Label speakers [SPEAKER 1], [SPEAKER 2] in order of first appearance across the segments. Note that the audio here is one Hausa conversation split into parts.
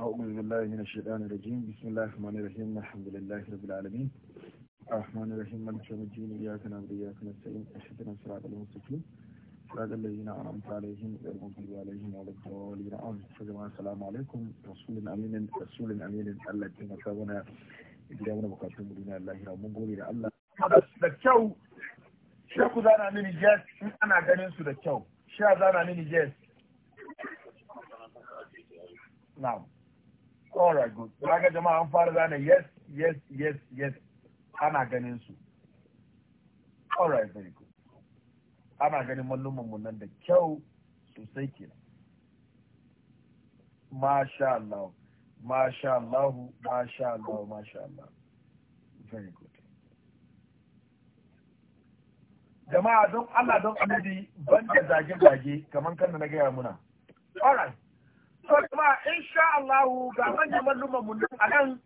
[SPEAKER 1] أعوذ بالله من الشيطان الرجيم بسم الله الرحمن الرحيم الحمد لله رب العالمين الرحمن الرحيم مالك يوم الدين إياك نعبد وإياك نستعين اهدنا الصراط المستقيم صراط الذين أنعمت عليهم غير المغضوب عليهم ولا الضالين آمين السلام عليكم رسول أمين رسول أمين الله تنكبنا إجابنا بقاتل مدينة الله رحمه قولي الله بس لكو شاكو زانا من الجاس أنا أغنين سو لكو شاكو زانا من الجاس نعم all right good ga jama'a an fara zane yes yes yes yes ana ganin su all right very good ana ganin mallumin mu nan da kyau sosai ke. masha Allah masha Allah masha Allah masha Allah very good jama'a don Allah don amadi ban zage-zage kamar kan da na gaya muna all right to kuma insha Allah ga manyan malluma mu a nan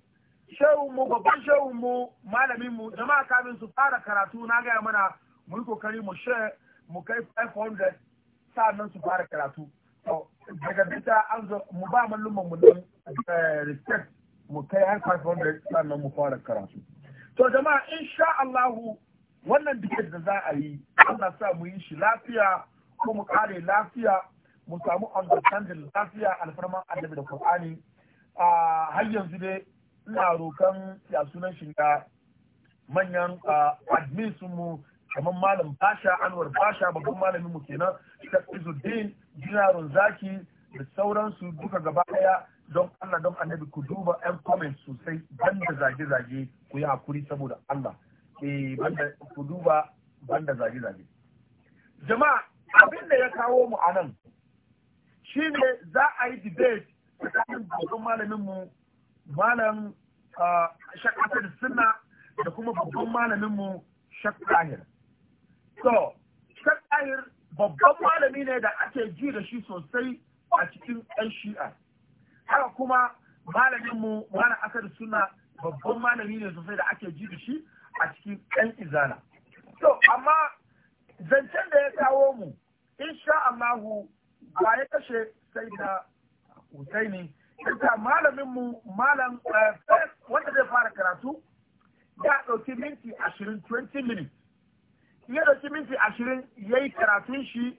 [SPEAKER 1] shehu mu babban shehu mu malamin mu jama'a kamin su fara karatu na gaya mana mu yi kokari mu share mu kai 500 sa'annan su fara karatu to daga bita an zo mu ba malluma mu nan eh, respect mu kai 500 sannan mu fara karatu. To jama'a insha Allahu wannan dike da za a yi Allah sa mu yi shi lafiya ko mu kare lafiya mu samu understanding lafiya alfarman annabi da qur'ani a har yanzu dai ina rokan ya sunan shiga manyan admin su mu kamar malam basha anwar basha babban malamin mu kenan ta izuddin jinarun zaki da sauransu duka gaba daya don Allah don annabi ku duba yan comment sosai banda zage-zage ku yi hakuri saboda Allah eh banda ku duba banda zage-zage jama'a abin da ya kawo mu anan. Shi ne za a yi debate tsakanin babban malamin mu malam shakatar suna da kuma babban malamin mu shakahir so shakahir babban malami ne da ake ji da shi sosai a cikin ɗan shi'a haka kuma malamin mu malam asar suna babban malami ne sosai da ake ji da shi a cikin yan izana so amma zancen da ya kawo mu in sha Allahu ba ya kashe sai da Husaini ta malamin mu malam eh, eh, wanda zai fara karatu ya dauki minti ashirin 20 minutes ya dauki minti ashirin ya yi karatun shi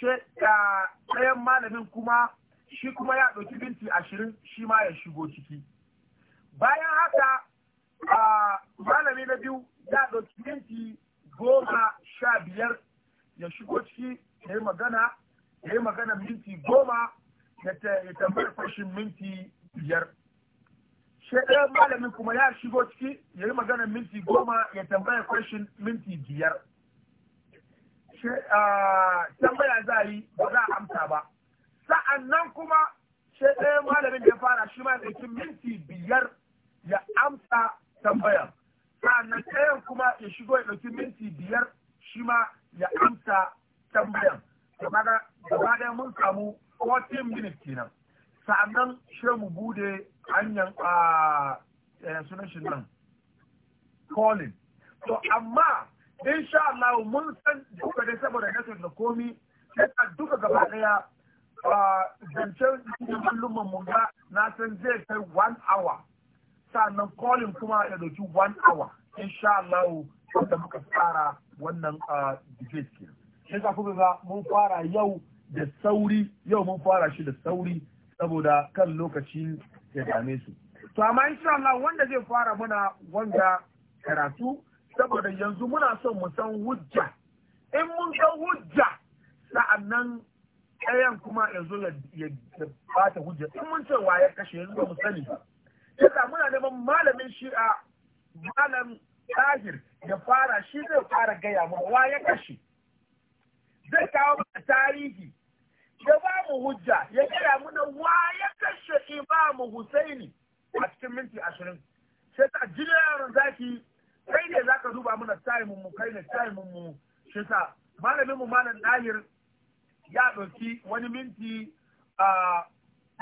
[SPEAKER 1] ɗayan malamin kuma shi kuma ya dauki minti ashirin shi ma ya shigo ciki bayan haka malami na biyu ya dauki minti goma sha biyar ya shigo ciki ya yi magana ya yi magana minti goma ya tambar fashin minti biyar shi malamin kuma ya shigo ciki ya yi magana minti goma ya tambaya fashin minti biyar tambaya za a yi ba za a amsa ba sa'an nan kuma shi malamin ya fara shi ma ya minti biyar ya amsa tambayar sa'annan ɗayan kuma ya shigo ya ɗauki minti biyar shi ma ya amsa tambayan gaba ɗaya mun samu 14 minutes kenan sa'annan shi mu bude hanyar a eh, sunan shi nan calling to amma sha Allah mun san duka da saboda nasu da komi sai duka gaba ɗaya zancen mallumman mun ga na san zai kai one hour sa'annan calling kuma ya dauki one hour sha Allah wanda muka tsara wannan debate kenan shi za ga mun fara yau da sauri yau mun fara shi da sauri saboda kan lokaci ya dame su to amma insha Allah wanda zai fara muna wanda karatu saboda yanzu muna son mu san hujja in mun ga hujja nan ɗayan kuma yanzu ya bata hujja in mun ce waye kashe yanzu ba mu sani ba yasa muna neman malamin shi'a malam tahir ya fara shi zai fara gaya mu waye kashe zai kawo mana tarihi ya ba mu hujja ya kira muna wa ya kashe imamu husaini a cikin minti ashirin sai ta jirayen zaki kai ne za ka duba muna tayimin mu kai ne tayimin mu shi sa malamin mu malam dahir ya ɗauki wani minti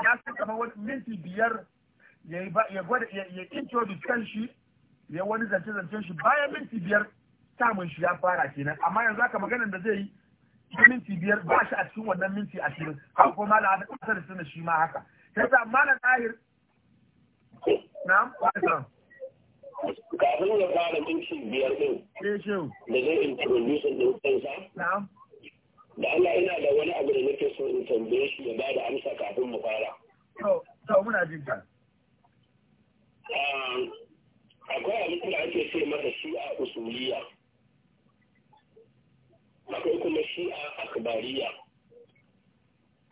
[SPEAKER 1] ya san kamar wani minti biyar ya gwada ya da kan shi ya wani zance zancen shi bayan minti biyar samun shi ya fara kenan amma yanzu aka maganar da zai yi minti biyar ba shi a cikin wannan minti cikin haka kuma da suna shi ma haka sai kafin
[SPEAKER 2] ya fara minti biyar din
[SPEAKER 1] eh, da zai
[SPEAKER 2] introduce din kansa da Allah ina da wani abu da nake so in tambaye shi ya bada amsa kafin mu fara akwai abin ake ce masa shi'a usuliya akwai kuma shi'a akbariya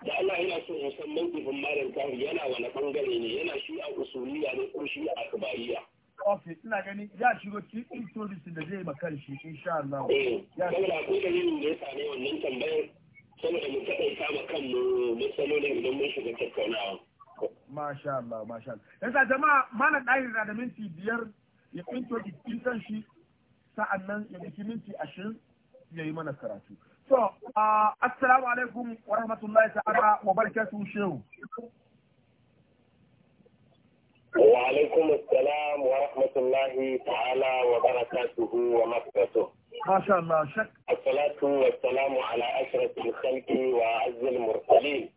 [SPEAKER 2] da Allah yana so ya san mawqifin malam ta yana wani bangare ne yana shi'a usuliya ne ko shi'a akbariya
[SPEAKER 1] Ok, ina gani ya shigo cikin introduce da zai maka shi insha Allah. Eh, saboda akwai dalilin da ya
[SPEAKER 2] same wannan tambayar saboda mu taƙaita ma mu matsalolin idan mun shiga tattaunawa.
[SPEAKER 1] Masha Allah, masha Allah. Yasa jama'a mana dai na da minti biyar ya kinto cikin kan shi sa'annan ya biki minti ashirin آه، السلام عليكم ورحمة الله تعالى وبركاته شو
[SPEAKER 2] وعليكم السلام ورحمة الله تعالى وبركاته ومسكته
[SPEAKER 1] ما شاء الله شك
[SPEAKER 2] الصلاة والسلام على أشرف الخلق وأعز المرسلين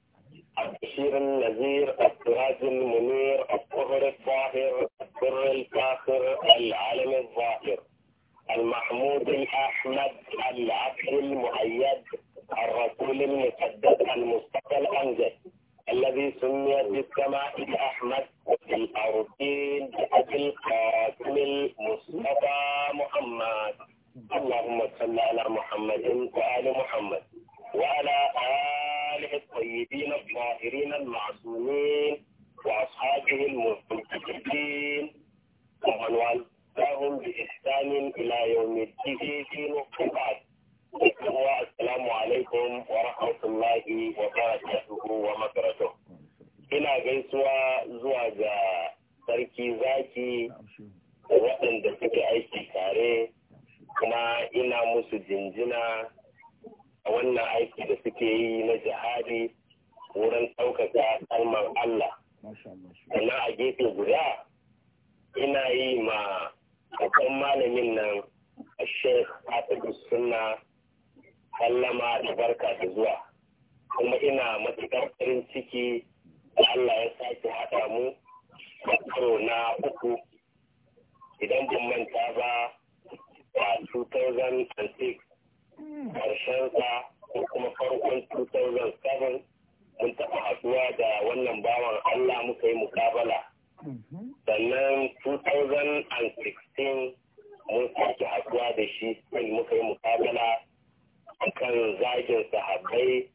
[SPEAKER 2] البشير النذير السراج المنير الطهر الطاهر السر الفاخر العالم الظاهر المحمود الأحمد العبد المؤيد الرسول المسدد المصطفى الأمجد الذي سمي بالسماء الأحمد وفي الأرضين بأبي القاسم المصطفى محمد اللهم صل على محمد وآل محمد وعلى آله الطيبين الطاهرين المعصومين وأصحابه المنتجبين ومن والد وجزاهم بإحسان إلى يوم الدين في alaikum wa rahmatullahi wa barakatuhu wa ومغفرته ina gaisuwa zuwa ga sarki zaki waɗanda suke aiki tare kuma ina musu jinjina a wannan aiki da suke yi na jihadi wurin ɗaukaka kalmar Allah. Sannan a gefe guda
[SPEAKER 1] ina yi ma
[SPEAKER 2] babban malamin nan a sheikh hafizu suna hallama da barka da zuwa kuma ina matuƙar farin ciki da Allah ya sake haɗa mu a karo na uku idan ban manta ba a 2006 sa ko kuma farkon 2007 mun taɓa haɗuwa da wannan bawan Allah muka yi mukabala Mm-hmm. sannan 2016 mun sake haɗuwa da shi sai muka yi mukabala kan zagin sahabbai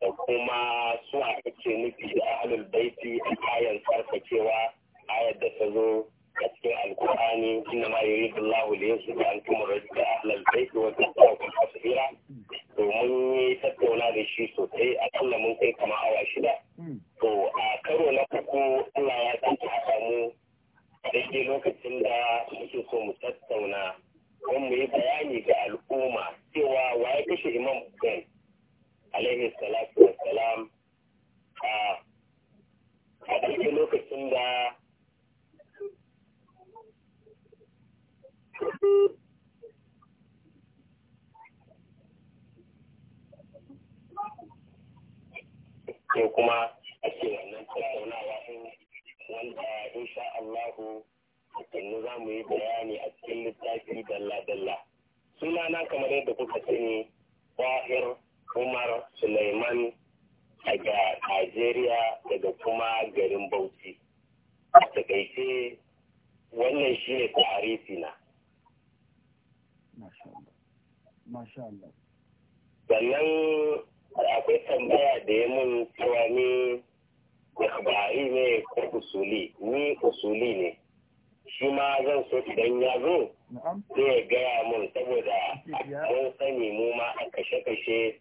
[SPEAKER 2] da kuma su a ake nufi da ahalul baiti a kayan sarfacewa a yadda ta zo a cikin alkur'ani inna ma yuridu Allahu li yusba ankum rajula ahlal bayt wa tasawwukum tasira to mun yi tattauna da shi sosai a kalla mun kai kama awa shida hmm. to a karo na uku Allah ya san ta samu daidai lokacin da muke so mu tattauna don mu yi bayani ga al'umma cewa ya kashe imam Hussein alaihi salatu salam a a lokacin da sai kuma ake wannan tattaunawa wanda insha Allahu sannu za mu yi bayani a cikin littafi dalla-dalla. Sunana kamar yadda kuka sani Bahir Umar Suleiman daga Najeriya daga kuma garin Bauchi. A takaice wannan shi ne na. sannan akwai tambaya da ya mun cewa ni ikhbari ne ko usuli ni usuli ne shi ma zan so idan ya zo zai gaya mun saboda mun sani mu ma a kashe-kashe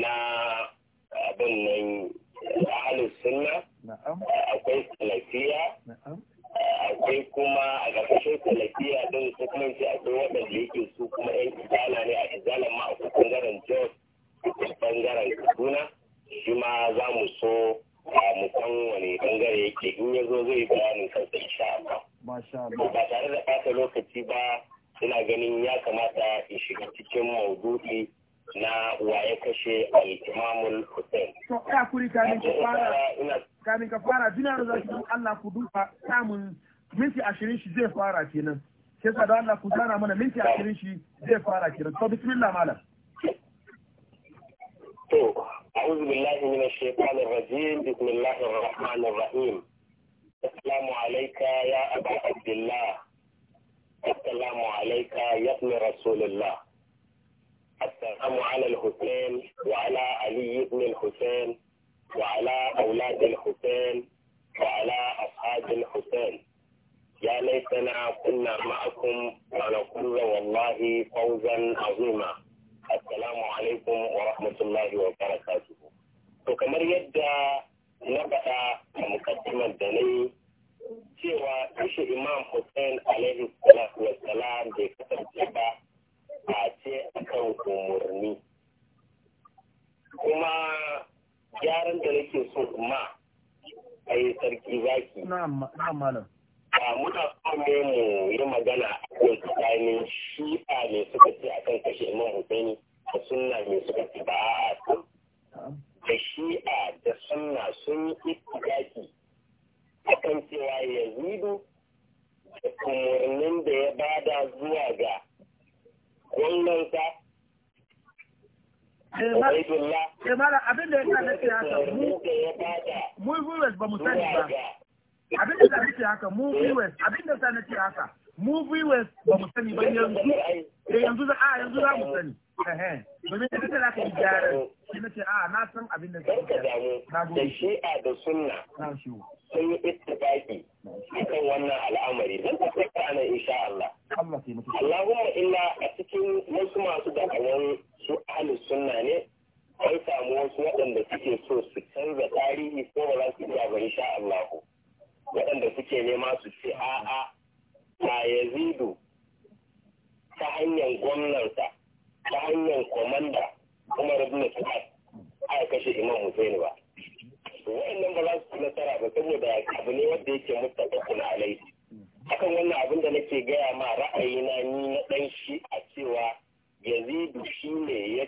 [SPEAKER 2] na abin nan ahalus sunna akwai salafiya akwai kuma a ƙarƙashin kwalafiya ɗin su kuma a akwai waɗanda yake su kuma yan izala ne a izalan ma akwai ɓangaren jos ɓangaren kaduna shi ma za mu so a san wani ɓangare yake in ya zo zai bayanin kansa insha Allah. Ba tare da ɓata lokaci ba ina ganin ya kamata in shiga cikin maudu'i na waye kashe al-imamul hussein
[SPEAKER 1] ka kuri kamin ka fara kamin ka fara dinar Allah ku duba samun minti ashirin shi zai fara kenan ke sa da Allah ku zana mana minti ashirin shi zai fara kenan to bismillah malam
[SPEAKER 2] to a'udhu billahi minash shaitanir rajim bismillahir rahmanir rahim السلام عليك يا أبا عبد الله السلام عليك يا ابن السلام على الحسين وعلى علي بن الحسين وعلى أولاد الحسين وعلى أصحاب الحسين يا ليتنا كنا معكم ونقول والله فوزا عظيما السلام عليكم ورحمة الله وبركاته وكمر يدى نبأ مقدمة دني سوى kashe Imam حسين عليه الصلاة والسلام بكتب kasance face kan umarni kuma gyaran da nake so kuma a yi sarki zaki
[SPEAKER 1] muna
[SPEAKER 2] so mu yi magana a kan tsakanin shi'a ne suka ce kan kashe imam husaini da sunna ne suka ce ba a da shi'a da sunna sun yi a kan cewa yazidu da kumurnin da ya bada zuwa ga waunansa
[SPEAKER 1] Eh
[SPEAKER 2] mara eh, abin da ya sa nake haka mu
[SPEAKER 1] mu viewers ba mu sani ba. Abin da sa nake haka mu viewers abin da sa nake haka mu viewers ba mu sani ba yanzu eh yanzu za a ah, yanzu za mu sani. Eh domin da kake zaka yi gyara shi nace a ah, na san abin da sa nake.
[SPEAKER 2] Na gode. Da shi'a da sunna. Na shi'a. sun yi ittifaqi akan wannan al'amari zan tabbata ana insha Allah
[SPEAKER 1] Allahumma illa
[SPEAKER 2] a cikin wasu masu da'awan su ahlus sunna ne an samu wasu waɗanda suke so su canza tarihi ko ba za su iya ba insha Allah waɗanda suke nema su ce a'a ta yazidu ta hanyar gwamnansa ta hanyar komanda kuma ibn Sa'ad kashe Imam Hussein ba wa'annan ba za su nasara ba saboda abu ne wanda yake ɗaukun alai akan wannan abin da nake gaya ma ra'ayina ni na ɗan shi a cewa yazidu shi ne ya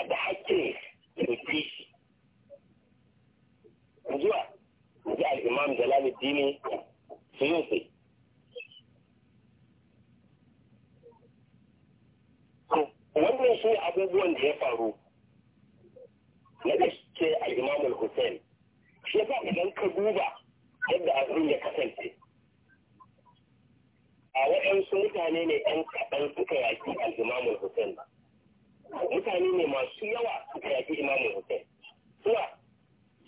[SPEAKER 2] yana da ne ya mutu shi zuwa ji al'imam jalaluddin suyusi wannan shi abubuwan da ya faru na da ke al'imam hussein shi ya idan ka duba yadda abin ya kasance a waɗansu mutane ne ɗan kaɗan suka yaƙi al'imam hussein ba mutane ne masu yawa suka yaƙi imamu hussein suna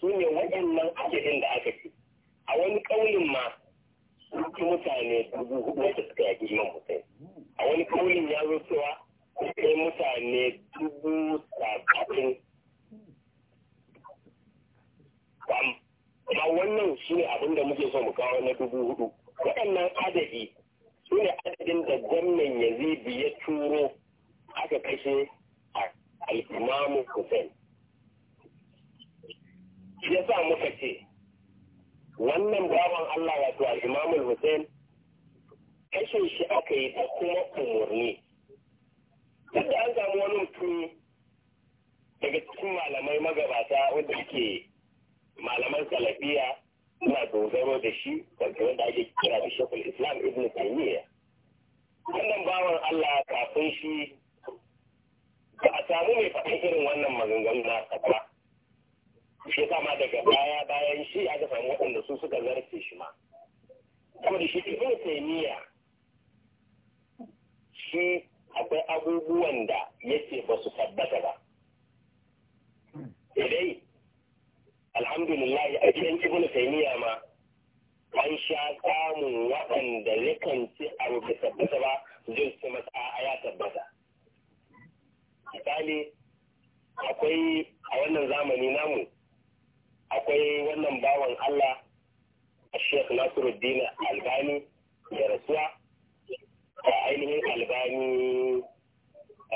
[SPEAKER 2] su ne waɗannan adadin da aka ci a wani ƙaunin ma suke mutane dubu hudu wanda suka yaƙi imam hussein a wani ƙaunin ya zo cewa sai mutane dubu saba'in amma wannan shi ne abin da muke so mu kawo na dubu hudu waɗannan adadi su ne adadin da gwamnan yazidi ya turo aka kashe al Hussein shi yasa muka ce wannan bawan Allah wato al-imamu Hussein kashe shi aka yi ta kuma umarni duk an samu wani mutum daga cikin malamai magabata wanda ake malaman salafiya suna dogaro da shi wanda wanda ake kira da shekul islam ibn taymiya wannan bawan Allah kafin shi ba a samu mai faɗin irin wannan maganganu na ba shi ma daga baya bayan shi aka samu waɗanda su suka zarce shi ma da shi ibn taymiya shi akwai abubuwan da yake ba su tabbata ba idai alhamdulillah a gidan ibn taymiya ma an sha samun waɗanda yakan ci abu bai tabbata ba zai ce masa a ya tabbata misali akwai a wannan zamani namu akwai wannan bawan Allah a Sheikh Nasiruddin Albani da rasuwa a ainihin Albani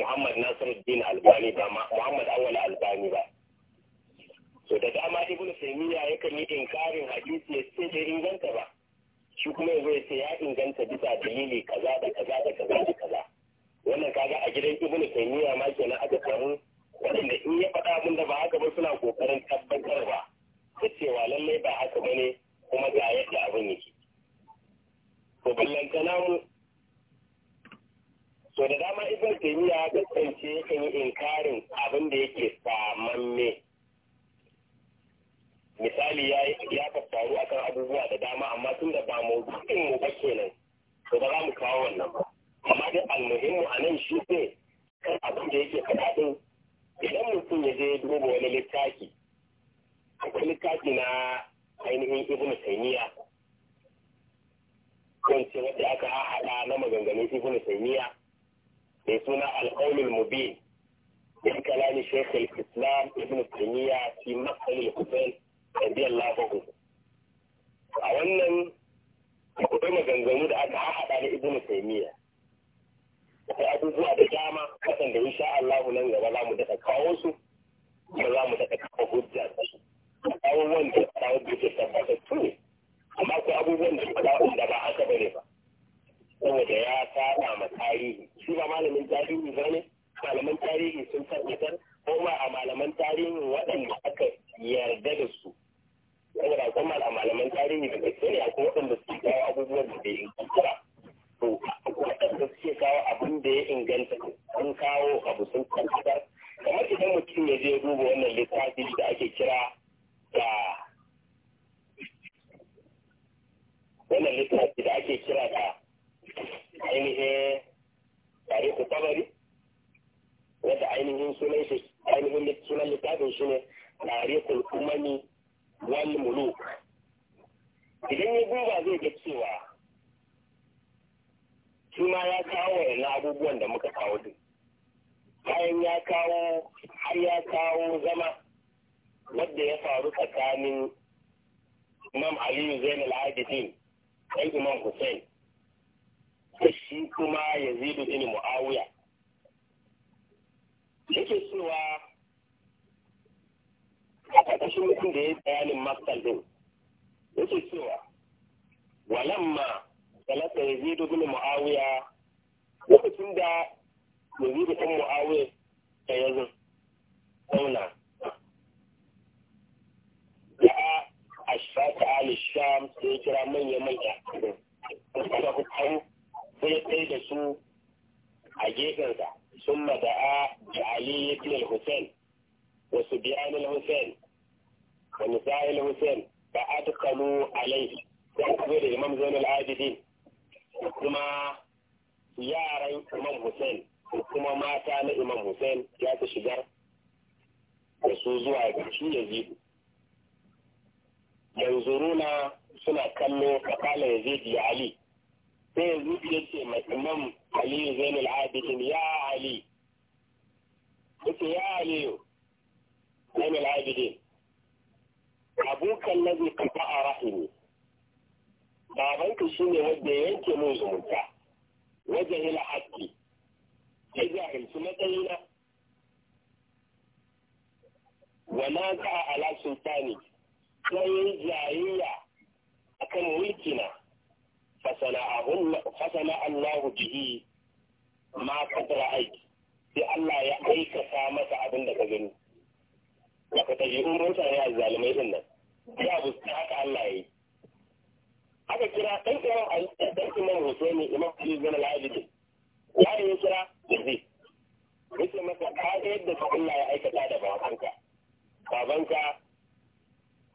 [SPEAKER 2] Muhammad Nasiruddin Albani ba Muhammad Awal Albani ba. to da dama Ibn Taymiyyah yakan yi inkarin hadisi ya ce bai inganta ba. Shi kuma yanzu ya ce ya inganta bisa dalili kaza da kaza da kaza da kaza. wannan kaga a gidan ibn taymiya ma kenan aka samu waɗanda in ya faɗa abin da ba haka ba suna kokarin ba ta cewa lallai ba haka ba ne kuma ga yadda abin yake to ta namu to da dama ibn taymiya ga tsance yakan yi inkarin abin da yake samamme misali ya ya faru akan abubuwa da dama amma tun da ba mu mu ba kenan to ba za mu kawo wannan ba amma dai almuhimmu a nan shi ne kan abin da yake faɗa ɗin idan mutum ya je duba wani littafi akwai littafi na ainihin ibn taymiya wance wanda aka haɗa na maganganun ibn taymiya mai suna alƙaunin mubin min kalami shaykh al-islam ibn taymiya fi maqal al-husayn radiyallahu anhu a wannan akwai maganganu da aka haɗa na ibn taymiya akwai abubuwa da dama waɗanda insha Allah nan gaba za mu daga kawo su kuma za mu daga kawo hujja da su abubuwan da ta wadda ke tabbatar su ne amma akwai abubuwan da ta da ba haka ba ba saboda ya saba ma tarihi shi ba malamin tarihi ba ne malaman tarihi sun tabbatar ko ba a malaman tarihi waɗanda aka yarda da su saboda a malaman tarihi da gaske ne akwai waɗanda suke kawo abubuwan da bai yi. ba to waɗanda suke kawo abin da ya inganta sun kawo abu sun tabbatar kamar idan mutum ya je duba wannan littafi da ake kira da wannan littafi da ake kira da ainihin tare ku tabari wanda ainihin sunan shi ainihin sunan littafin shi ne tare ku umani wal muluk idan ya duba zai ga cewa shi ma ya kawo wayannan abubuwan da muka kawo din bayan ya kawo har ya kawo zama wadda ya faru tsakanin imam aliyu zainal abidin dan imam hussein da shi kuma yazidu ini muawiya yake cewa a ƙarƙashin mutum da ya yi bayanin masal din yake cewa walamma talaka yazid ibn muawiya lokacin da yazid ibn muawiya ya zo zauna ya ashfaq ali sham sai kira manya manya da hukum sai kai da su a gefensa ثم دعا بعلي بن الحسين وسبيان الحسين ونساء الحسين فأدخلوا عليه da الإمام زين العابدين da kuma yaran Imam Hussein da kuma mata na Imam Hussein ya fi shigar da su zuwa ga shi ya yanzu runa suna kallo kakalan Yazidu ya Ali. Sai Yazidu ya ce mai Imam Ali Zainul Abidin ya Ali. Yake ya Aliyu Zainul Abidin. abokan nazi kafa a rahimi. babanka shi ne wanda ya yanke mun zumunta wajen ila haƙƙi ya jahilci matsayina wa na ga ala sultani sai ya yi jayayya akan mulkina fasana Allahu bihi ma kadara aiki sai Allah ya aikata masa abin da ka gani. Wata tabi'un mutane a zalimai din nan, ya abu haka Allah ya yi. aka kira ɗan imam ali ɗan imam ne imam ali zama al ne ya yi kira zai yake masa ka ga yadda ka Allah ya aikata da babanka babanka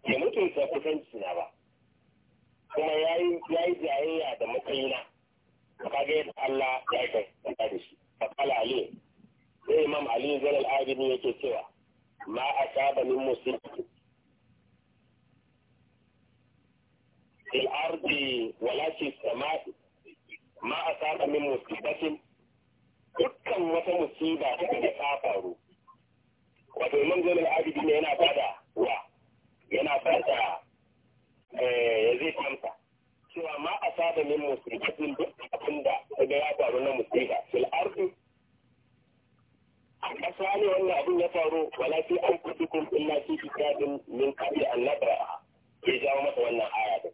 [SPEAKER 2] ya mutunta kusanci na ba kuma ya yi jayayya da matsayina ka ga yadda Allah ya aikata da shi fa kala ali sai imam ali zama al-abidin yake cewa ma saba min musulmi. في الأرض ولا في Ma a أصاب min مصيبة dukkan wata musiba ta da ta faru wato man zainul abidin ne yana bada wa yana bada eh, ya zai kamsa cewa ma a saba min musibatin duk abin da daga ya faru na musiba fil ardi a ƙasa ne wannan abin ya faru wala fi an kuɗi kun illa fi kitabin min qabli an nabra ke jawo masa wannan aya din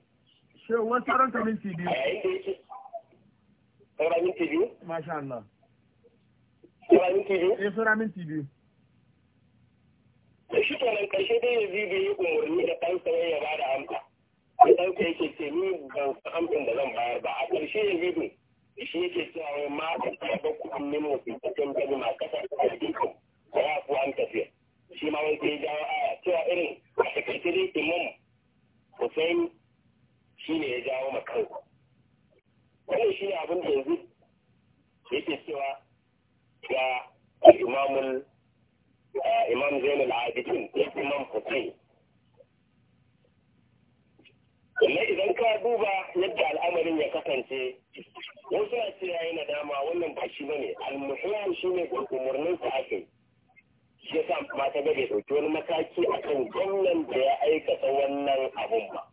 [SPEAKER 1] Shewar sauran ta minti biyu. Sauran minti biyu? Masha Allah. Sauran minti biyu? Eh, sauran minti biyu.
[SPEAKER 2] Da shi kenan da ɗansa ya ba da amsa. Da ɗansa yake ce ni ban amsin da zan bayar ba. A ƙarshe yanzu bai. Shi yake cewa ma ka taɓa kuɗin mu fi cikin gani ma kasar da dukkan. ya tafiya. Shi ma wani ke jawo cewa irin a takaice dai shi ne ya jawo ma kansa wannan shi ne abin da yanzu yake cewa ga imamul imam zainul abidin ya imam hussein sannan idan ka duba yadda al'amarin ya kasance wasu na cewa yana dama wannan ba shi bane almuhimmi shi ne umarnin sa ake shi ya sa mata gabe ɗauki wani mataki akan gwamnan da ya aikata wannan abun ba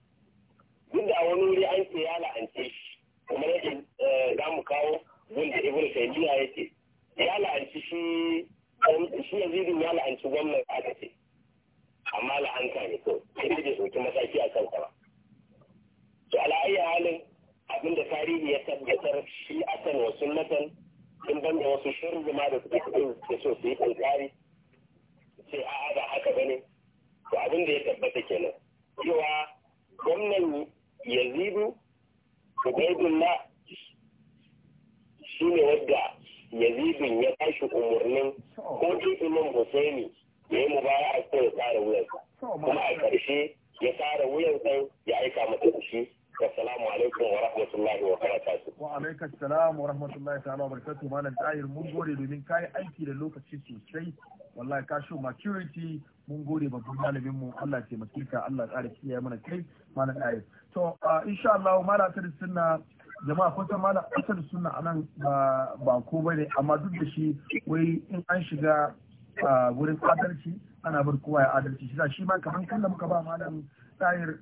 [SPEAKER 2] tunda a wani wuri an ce ya la'ance shi kamar yake eh, za mu kawo wanda ibn taymiya yake ya la'anci shi shi yazidin ya la'anci gwamnan aka ce amma la'anta ne to sai dai bai mataki a kanka ba to ala'ayya halin abinda tarihi ya tabbatar shi a kan wasu natan sun ban da wasu shirin ma da suke cikin da so su yi kankari sai a'a ba haka ba ne to abinda ya tabbata kenan cewa gwamnan yazidu ubaidullah shi ne wadda yazidun ya tashi umarnin ko imam husaini ya yi mubara a ya tsara wuyansa kuma a ƙarshe ya tsara wuyansa ya aika mata kushi Assalamu alaikum wa rahmatullahi wa barakatuh. Wa
[SPEAKER 1] alaikum assalam wa rahmatullahi ta'ala wa barakatuh. Malam mun gode domin kai aiki da lokaci sosai. Wallahi ka show maturity mun gode babban malamin mu Allah ya taimake Allah ya kiyaye mana kai malam Tahir. To insha Allah sunna jama'a kun san malam sunna anan ba ba ko bane amma duk da shi wai in an shiga wurin adalci ana bar kowa ya adalci shi shi ma kaman kallon muka ba malam Tahir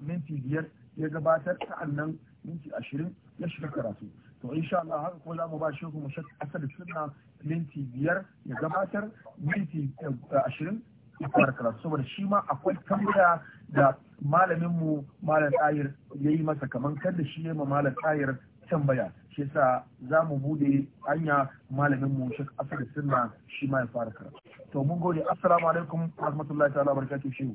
[SPEAKER 1] minti biyar ya gabatar annan minti ashirin na shiga karatu to insha Allah haka ko za mu ba shehu mu shakka asar da sunna minti biyar ya gabatar minti eh, ashirin ya fara karatu saboda shi ma akwai tambaya da malamin mu malam tsayir ya yi masa kamar kada shi ya ma malam tsayir tambaya shi yasa za mu bude hanya malamin mu shek asar da sunna shi ma ya fara karatu to mun gode assalamu alaikum warahmatullahi ta'ala barakatuhu shehu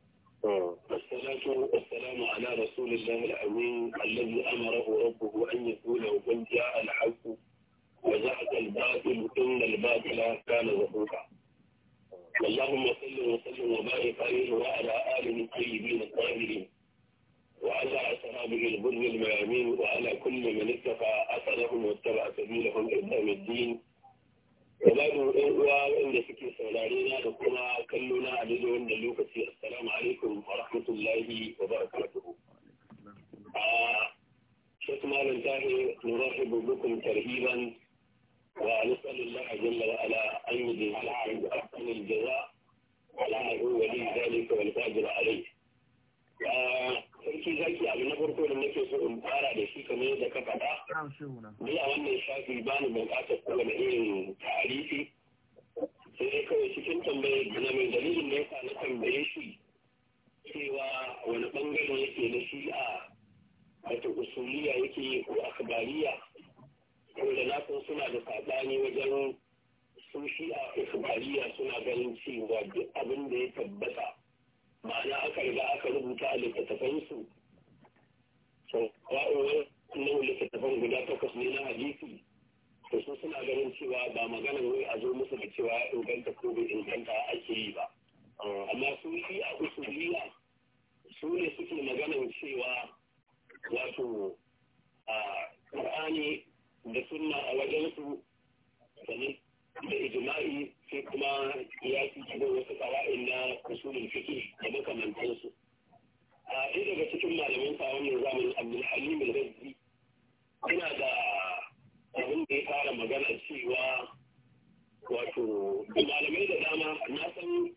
[SPEAKER 2] نعم. والصلاة والسلام على رسول الله الأمين الذي أمره ربه أن يقول من جاء الحق وزهق الباطل إن الباطل كان زهوقا اللهم صل وسلم وبارك عليه وعلى آله الطيبين الطاهرين وعلى أصحابه الغر الميامين وعلى كل من اتقى أثرهم واتبع سبيلهم إلى الدين Gabaru ɗan uwa wanda suke saurare na da kuma kallo na a daidai wanda lokaci assalamu alaikum wa rahmatullahi wa barakatuhu. Shekh Malam Tahir nurahibu bukum tarhiban ونسأل an جل وعلا أن يجزي العبد أحسن الجزاء على من هو wani ذلك a rai. sarki zaki abu na farko da nake so in fara da shi kamar yadda ka
[SPEAKER 1] faɗa.
[SPEAKER 2] Ni a wannan shafi ba ni buƙatar kowane irin tarihi. Sai kawai cikin tambayar da na mai dalilin da yasa na tambaye shi cewa wani ɓangare yake da shi a wato usuliya yake ko akabariya. Saboda na san suna da saɓani wajen sun shi a akabariya suna ganin cewa duk abin da ya tabbata ma'ana aka riga aka rubuta a su sau wa'in nan littattafan guda takwas ne na hadisi to su suna ganin cewa ba maganar wai a zo musu da cewa inganta ko bai inganta ake yi ba amma su yi a usuliya su ne suke maganar cewa wato a ƙar'ani da sunna a su sannan da ijma'i sai kuma ya fi cikin wasu ƙawa'in na usulul fiqh da makamantansu a ɗaya daga cikin malamin sa wannan zamanin abdulhalim al-razzi yana da abin da ya fara magana cewa wato malamai da dama na san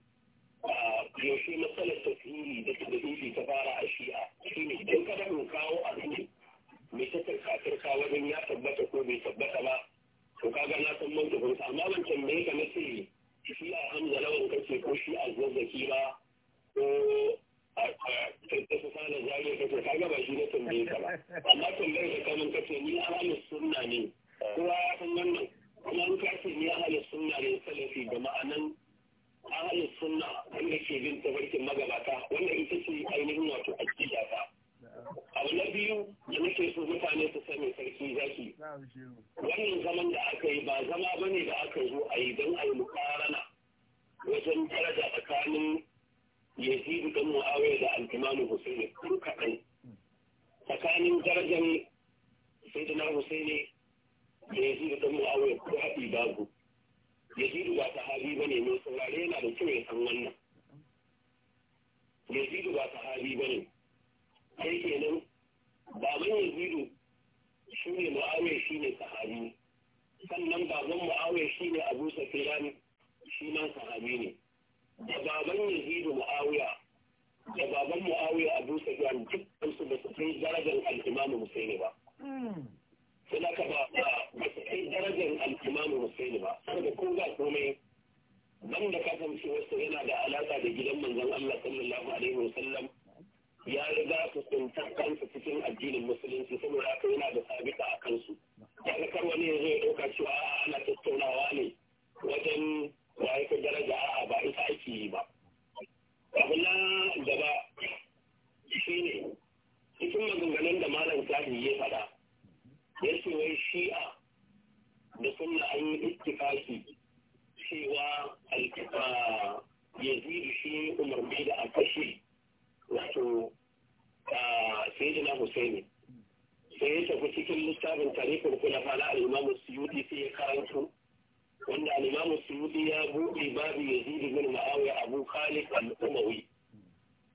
[SPEAKER 2] yaushe matsalar tasiri da tafiri ta fara a shi'a shine don kada mu kawo abin mai ta tarka wajen ya tabbata ko bai tabbata ba to kaga na san man kafin amma ban tambaye ka na ce shi a hamza lawan kace ko shi a zaki ba ko ta su sana zariya kace kaga ba shi na tambaye ka ba amma bai ka kamun kace ni halin sunna ne kowa ya san wannan kuma an kace ni ni halin sunna ne salafi da ma'anan halin sunna wanda ke bin tafarkin magabata wanda ita ce ainihin wato a cikin abu na biyu da muke so mutane su sani sarki zaki wannan zaman da aka yi ba zama ba ne da aka zo a yi don a yi mukarana wajen daraja tsakanin yazidu da mu'awiya da alkimanin husaini kun kaɗan tsakanin darajar sai da na husaini da yazidu da mu'awiya ko haɗi babu yazidu ba sahabi ba ne mai saurare yana da kyau ya san wannan yazidu ba sahabi ba ne sai kenan baban yazidu shi ne mu'awiyar shi ne sahabi sannan baban mu'awiyar shi ne abu safiran shi ma sahabi ne da baban yazidu mu'awiya da baban mu'awiya abu safiyan dukkan su ba su kai darajar al'imamu musaini ba sai da ka ba ba su kai darajar al'imamu musaini ba saboda ko ga komai banda kasancewarsa yana da alaƙa da gidan manzon Allah sallallahu alaihi wa sallam ya riga su tsintar kansu cikin addinin musulunci saboda haka yana da sabita a kansu daga kan wani ya zo ya ɗauka cewa ana tattaunawa ne wajen waye ka daraja a ba ita aiki yi ba abu na gaba shi ne cikin maganganun da malam tahi ya faɗa ya ce wai shi'a da sunna an yi ittifaki cewa ya zuri shi umarni da a kashe wato sayyidina Husaini sai ya tafi cikin littafin tarihin kula na al-Imam Suyuti sai ya karanto wanda al-Imam Suyuti ya buɗe babu Yazid bin Muawiya Abu Khalid al-Umawi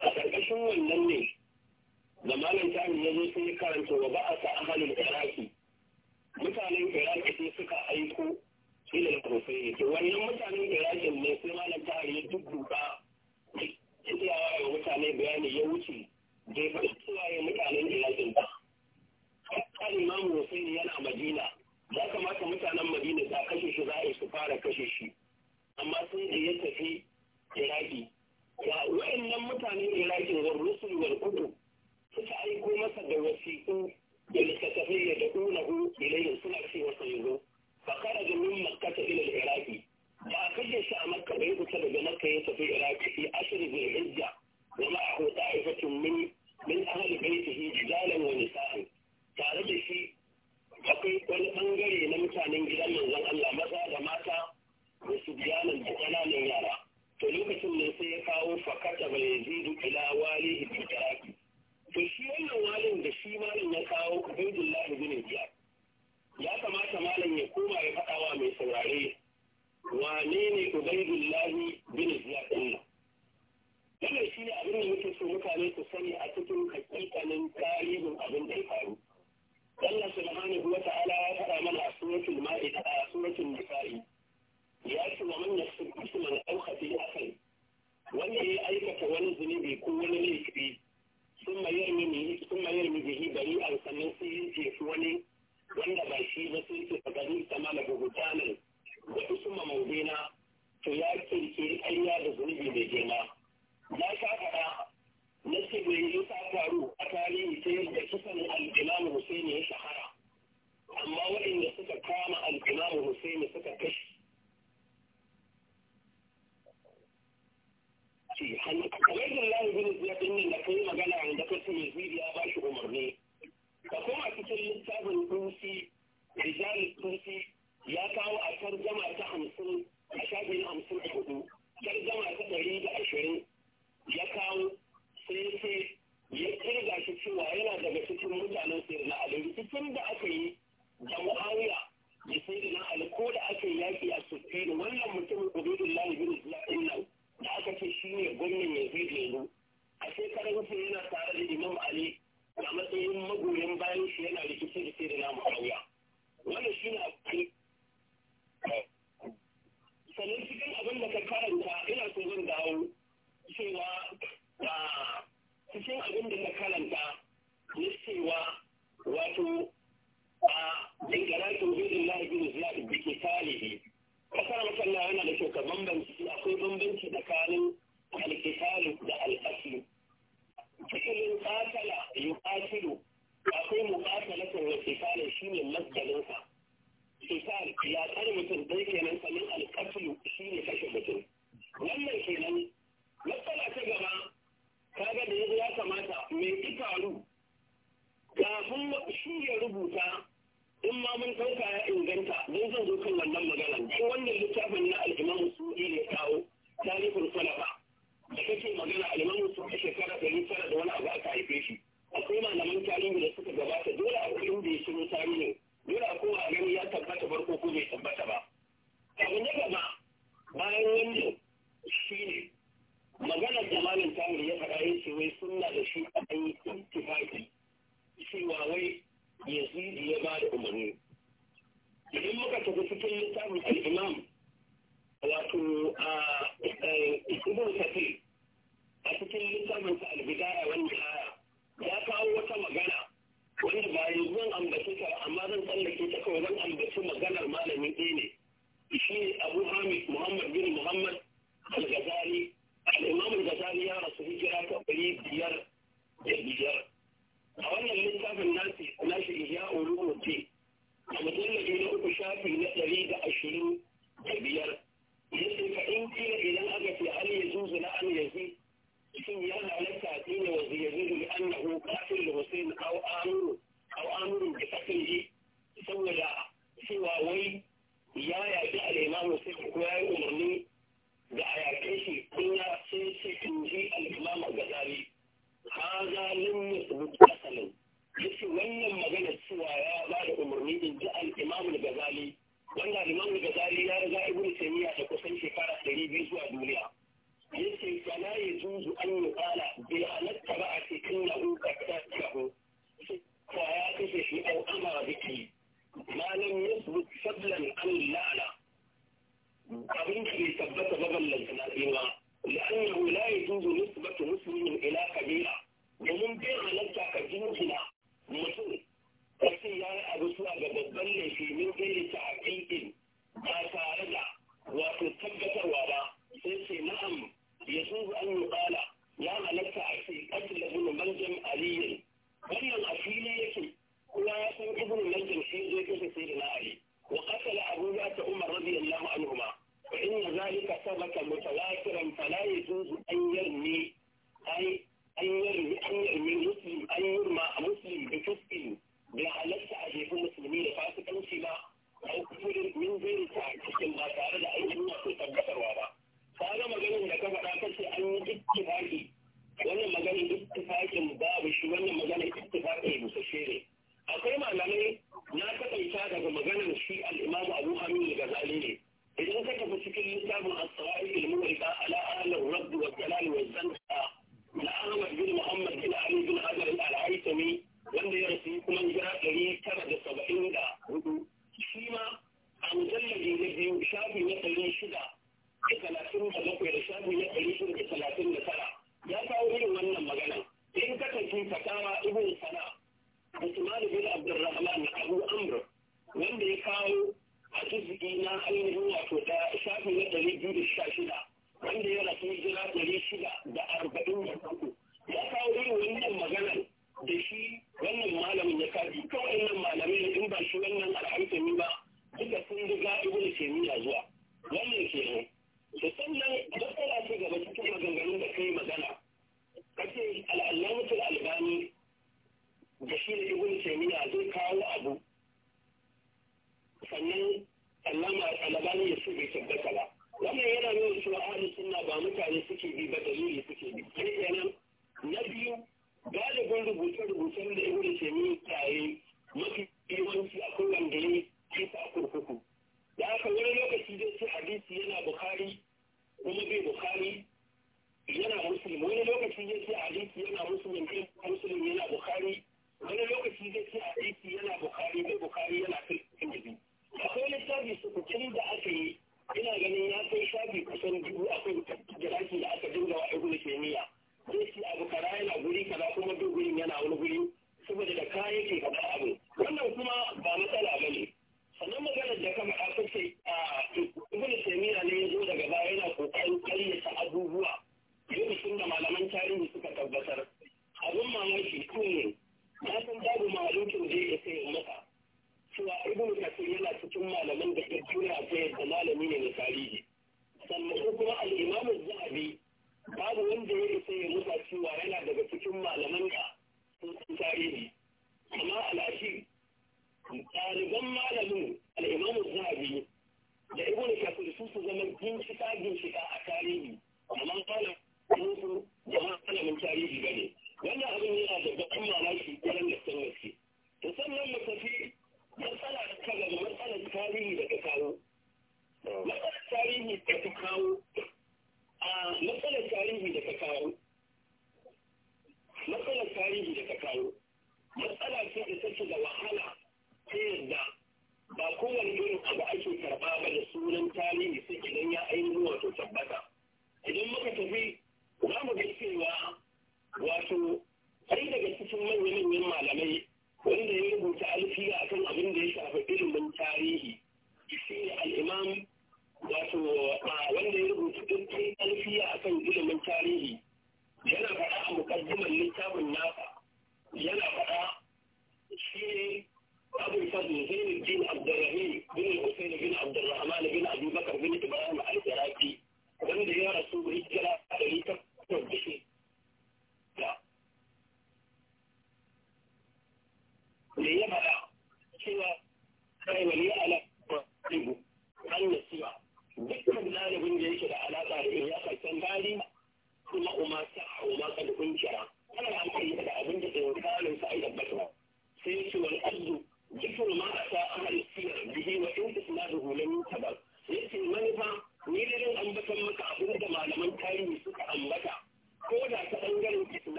[SPEAKER 2] a ƙarƙashin wannan ne da malam ta ya zo sai ya karanta wa ba'asa ahlul Iraki mutanen Iraki sai suka aiko ila Husaini to wannan mutanen Iraki ne sai malam ta ya dubbuka iyawa ga mutane bayani ya wuce bai faɗi suwaye mutanen Iraqin ba. Hakkar Imam Hussein yana Madina, ya kamata mutanen Madina ta kashe shi za a su fara kashe shi. Amma sun da ya tafi Iraki. Ya wa'annan mutanen Iraki wa Rusul wal Kudu suka aiko masa da wasiƙu da littattafai ya da'u na hu ilayhin suna cewa sai zo. Fakara da min makkata ilal Iraki. Ba a kashe shi a Makka bai fita daga Makka ya tafi Iraki fi ashirin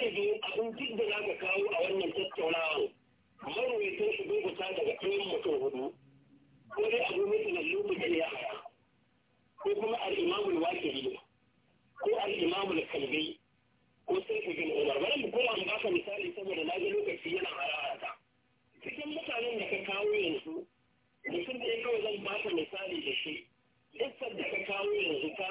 [SPEAKER 2] galibi abin duk da za ka kawo a wannan tattaunawa marwaitan shi dubuta daga ɗayan mutum hudu ko dai abu mutum da lokacin ya haya ko kuma al'imamul wakili ko al'imamul kalbi ko sai ka gina umar bari mu koma mu baka misali saboda na ga lokaci yana hararata cikin mutanen da ka kawo yanzu mutum ɗaya kawai zan baka misali da shi iskar da ka kawo yanzu ta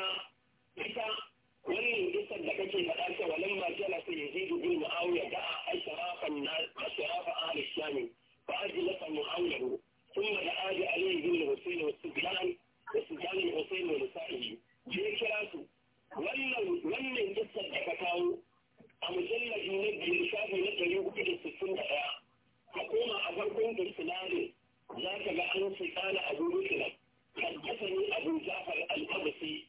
[SPEAKER 2] ita wannan kisan da kake faɗa ta walan ma kana fi yazidu bin muawiya da asrafan nas asrafa ahli islam fa ajlasa muawiya ثم دعا علي بن الحسين والسجان والسجان الحسين ونسائه je kira su wannan wannan kisan da ka kawo a mujallabi na biyar shafi na ɗari uku da sittin da ɗaya a koma a farkon kirsilari za ka ga an ce kana abu rukina haddasa ni abu jafar al-abasi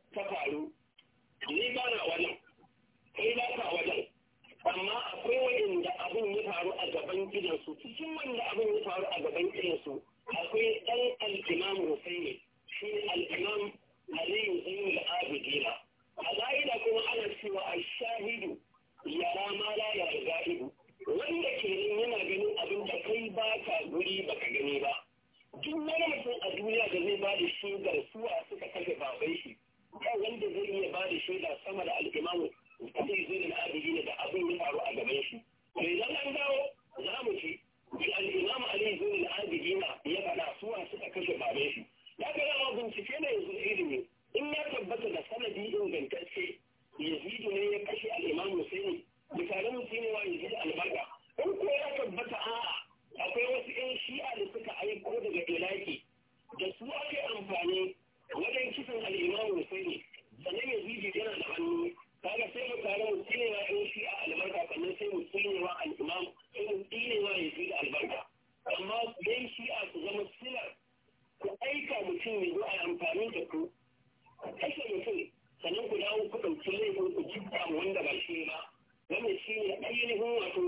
[SPEAKER 2] ta faru ni ba na wajen kai ba ka wajen amma akwai waɗanda abin ya faru a gaban gidansu cikin wanda abin ya faru a gaban gidansu akwai ɗan al'imam ne, shi al'imam Aliyu da Abidina a za'ida kuma ana cewa a shahidu yara ma la ya za'idu wanda kenan yana ganin abin da kai ba ka guri ba ka gani ba duk wani mutum a duniya da zai ba da shi suwa suka kashe baban shi ba wanda zai iya ba da shaida sama da al'imamu zai zai da adili da abin ya faru a gaban shi to idan an dawo za mu ci da al'imamu ali zai da na ya faɗa suwa suka kashe baban shi ya ga yawa bincike ne yanzu ilimi in ya tabbata da sanadi ingantacce yazidu ne ya kashe al'imamu musaini misalan mutum wa yazidu albarka in ko ya tabbata a'a akwai wasu 'yan shi'a da suka aiko daga ilaki da su ake amfani Wajen kisan al'imamu husaini sannan ya zidi yana da hannu kaga sai mu tare mu tsinewa in shi a albarka sannan sai mu tsinewa al'imam sai mu tsinewa ya zidi albarka amma dai shi a su zama silar ku aika mutum ya zo a amfani da ku ku kashe mutum sannan ku dawo ku ɗauki laifin ku jibba wanda ba shi ba wannan shi ne ainihin wato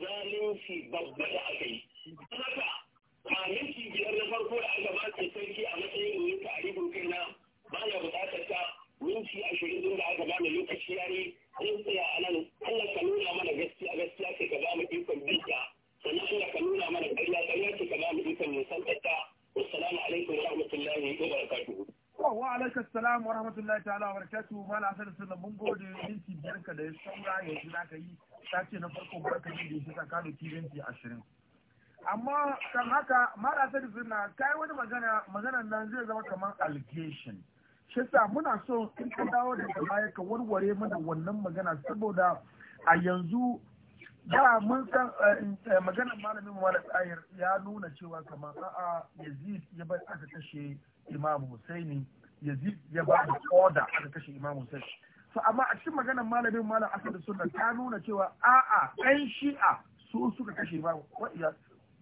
[SPEAKER 2] zalunci babba da aka yi. Haka kwanaki biyar na farko da aka ba sarki a matsayin yin tarifin kaina ba na bukatar ta minti ashirin din da aka ba da lokaci ya ne zan tsaya a nan Allah ka nuna mana gaskiya gaskiya ce ka ba mu ikon bisa sannan Allah ka nuna mana ƙarya ƙarya ce ka ba mu ikon nisan ɗaɗɗa wassalamu alaikum wa rahmatullahi wa barakatuhu.
[SPEAKER 1] wa alaikar salam wa rahmatullahi ta'ala wa barakatuhu mala asali sunan mun gode minti biyar ka da ya saura yanzu za ka yi ta ce na farko barka ne da ya fi tsakanin kiranci ashirin. amma kan haka mara ta na ta yi wani magana magana nan zai zama kamar allegation shi sa muna so in ka dawo da daga baya ka warware mana wannan magana saboda a yanzu ba mun san eh, eh, magana malamin wani tsayar ya nuna cewa kamar a'a yazid ya bar aka kashe imam husaini yazid ya ba da order aka kashe imam husaini to amma a cikin maganar malamin malam asadu sunna ta nuna cewa a'a ɗan shi'a su suka kashe imam wa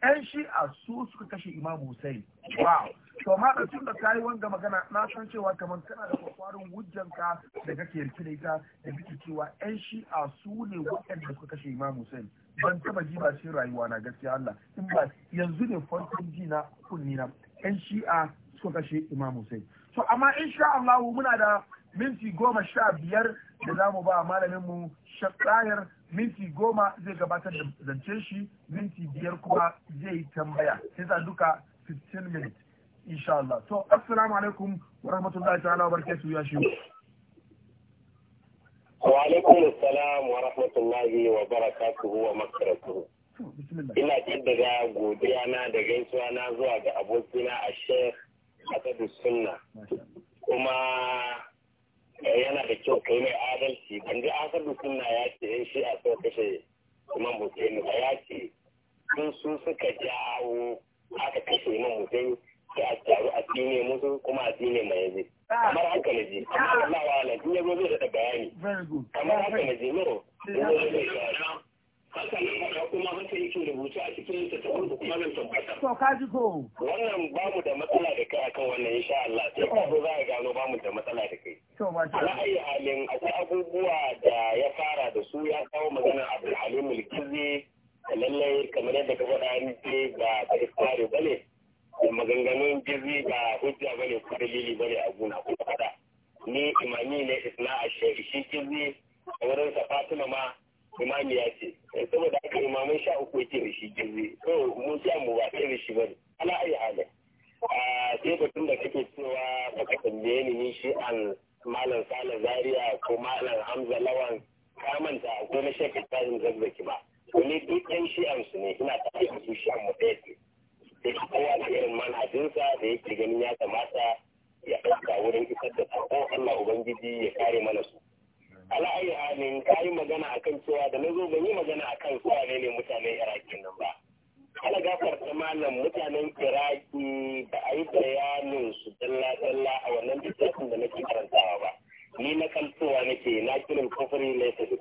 [SPEAKER 1] 'yan shi'a su suka kashe imam hussein wow to ma da tun da kayi wanga magana na san cewa kamar kana da kwakwarin hujjanka da kake yarki da ita da kake cewa 'yan shi'a su ne waɗanda suka kashe imam hussein ban taba ji ba rayuwa na gaskiya Allah in ba yanzu ne farkon ji na kunni na 'yan shi'a suka kashe imam hussein to amma insha Allah muna da minti goma sha biyar da za mu ba malaminmu shakayar minti goma zai gabatar da zance shi minti biyar kuma zai tambaya sai za duka 15 minutes insha Allah to assalamu alaikum wa rahmatullahi ta'ala wa barakatuhu ya shi
[SPEAKER 2] wa alaikum assalam wa rahmatullahi wa barakatuhu wa makarantu ina jaddada godiya na da gaisuwa na zuwa ga abokina a sheikh Asadu Sunna kuma Eh, yana da kyau kai mai adalci ban ji an sabu kunna ya ce in shi a so kashe imam hussein ba ya ce sun su suka jawo aka kashe imam hussein da a taru a tsine musu kuma a tsine mai yanzu kamar haka na ji amma Allah wa ala ya zai da bayani kamar haka na ji no zai da bayani haka na faɗa kuma haka yake rubutu a cikin littattafan da kuma zan tabbata. To ka ji ko. Wannan bamu da matsala da kai akan wannan insha Allah sai ka zo za a gano bamu da matsala da kai. To ba ta. Ra'ayi halin akwai abubuwa da ya fara da su ya kawo magana maganar Abdulhalim Mulkizi lallai kamar yadda ka faɗa an ce ba ta iskare ba da Maganganun jirgi ba hujja ba ne ko dalili ba ne a guna ko faɗa. Ni imani ne isna a shi jirgi a wurin sa Fatima ma ya ce eh, saboda haka imamai sha uku yake da shi girbi ko mun mu ba ɗaya da shi bane ala ayi halin sai batun da kake cewa baka tambaye ni ni shi an malam sale zaria ko malam hamza lawan ka manta ko na shekka tsarin zazzaki ba to ni duk ɗan an su ne ina ta tafiya su shi'an mu ɗaya ce sai kowa da irin manhajinsa da yake ganin ya kamata ya ɗauka wurin isar da ko Allah Ubangiji ya kare mana su. ala ayi ka yi magana akan cewa da na zo ban yi magana akan su ne ne mutanen iraki nan ba ala gafar ta malam mutanen iraki ba a yi bayanin su dalla dalla a wannan littafin da nake karantawa ba ni na kan cewa nake na kirin kofari laifin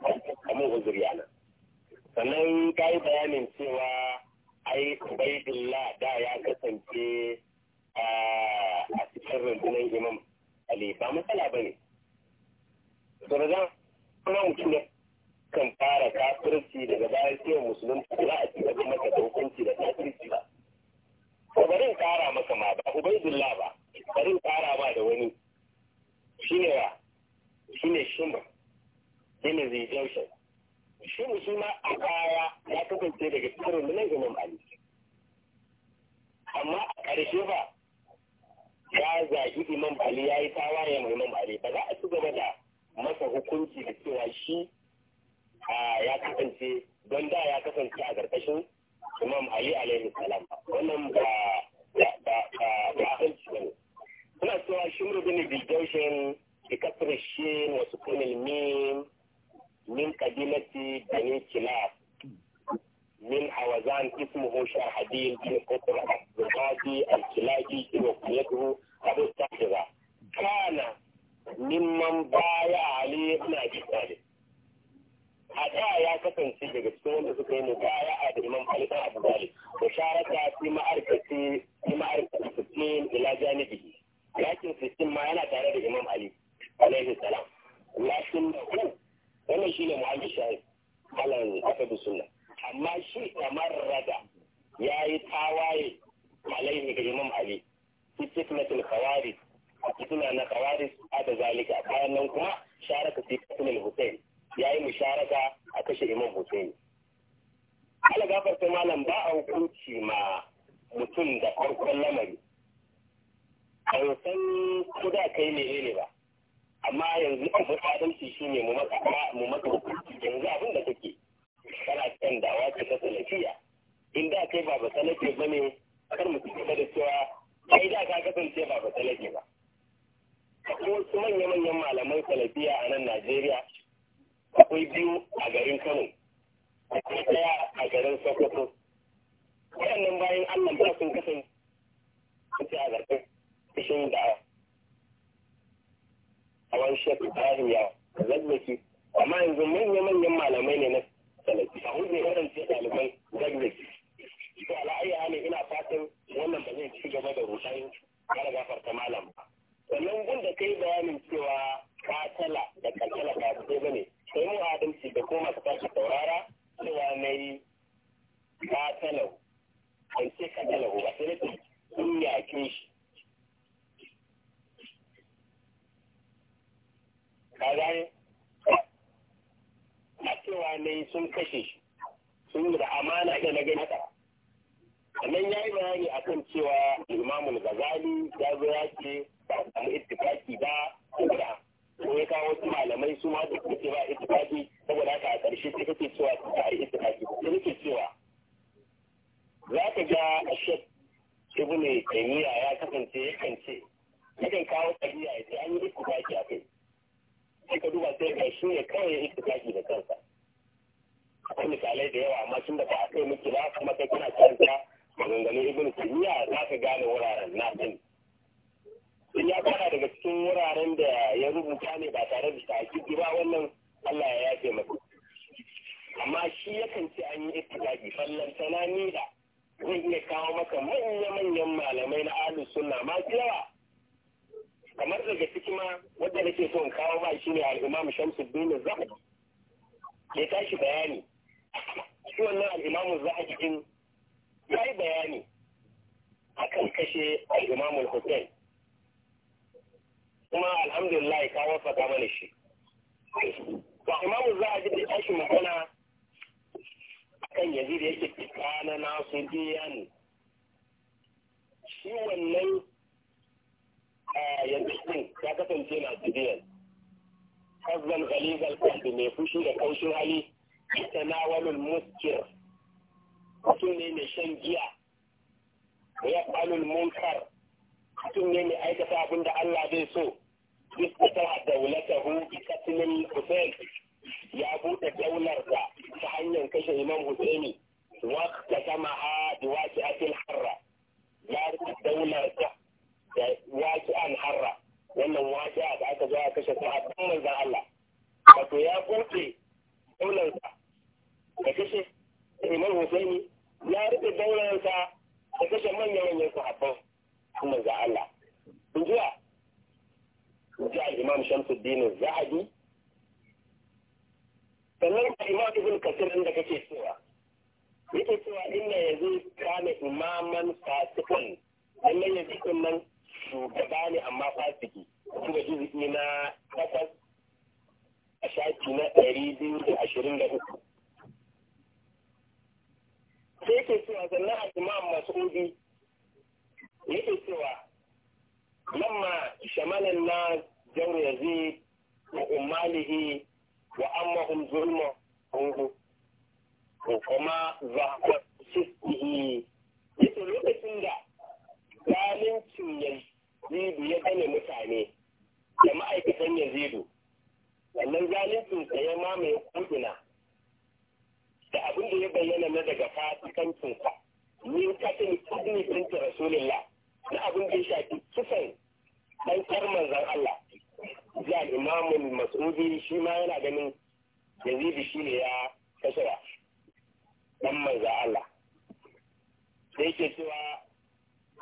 [SPEAKER 2] makamai sun kashe shi sun yi da amana da na gani sannan ya yi bayani a kan cewa imamul gazali ya zo ya ce ba a samu ittifaki ba saboda ko ya kawo wasu malamai su ma da suka ce ba ittifaki saboda haka a ƙarshe sai kake cewa su ta yi ittifaki sai kake cewa za ka ga shi ibnu taymiya ya kasance yakan ce yakan kawo tabiya ya ce an yi ittifaki a kai sai ka duba sai ga shi ne kawai ya ittifaki da kansa akwai misalai da yawa amma tun da ba a kai miki ba kuma kai kana karanta maganganun ibn tumiya za ka gane wuraren na sani in ya fara daga cikin wuraren da ya rubuta ne ba tare da ta'akidi ba wannan Allah ya yafe masa amma shi yakan ci an yi ittifaqi fallan tanani da zai iya kawo maka manya-manyan malamai na alu sunna ma yawa kamar daga ciki ma wanda nake so in kawo ba shine al-Imam Shamsuddin Zahabi ya tashi bayani shi wannan al'imamun za a cikin ya yi bayani akan kashe al'imamun hussein kuma alhamdulillah ka wafaka mana shi ba imamu za a ji da tashi magana kan yanzu da yake fita na nasu biyan. ne shi wannan yanzu din ya kasance na biyan kazan galizal kwalbi mai fushi da kaushin hali يتناول المسكر mutum ne mai shan giya ya falul munkar mutum ne mai aikata abin da Allah zai so yusbatar a daulatahu bi katlin Hussein ya buɗe daular da ta hanyar kashe Imam Husaini waqta samaha bi waqi'atil harra ya rike daular da da waqi'an harra wannan waqi'a da aka zo a kashe sahabban manzon Allah wato ya buɗe daular da da kashe imam Hussaini ya rike daularsa da kashe manya-manyan sahabban manzo Allah in jiya ji imam Shamsuddin Zahabi sannan imam Ibn Kathir da kake cewa yake cewa inna yanzu kana imaman fasikan sannan ya zikin nan shugaba ne amma fasiki kuma jiziki na takwas a shafi na ɗari biyu da ashirin da uku sai yake cewa sannan a obi masudi yake cewa lamma shamalan na jaur yazid wa ummalihi wa ammahum zulma hungu ko kuma za zahwa sifihi yake lokacin da zalincin zidu ya gane mutane da ma'aikatan zidu wannan zalincin sa ya mamaye kudina da abin da ya bayyana na daga fasikancinsa min katin ibni binti rasulillah na abin da ya shafi kisan dan kar zan Allah ya imamul mas'udi shi ma yana ganin yazidi shi ne ya kashewa dan manzon Allah da yake cewa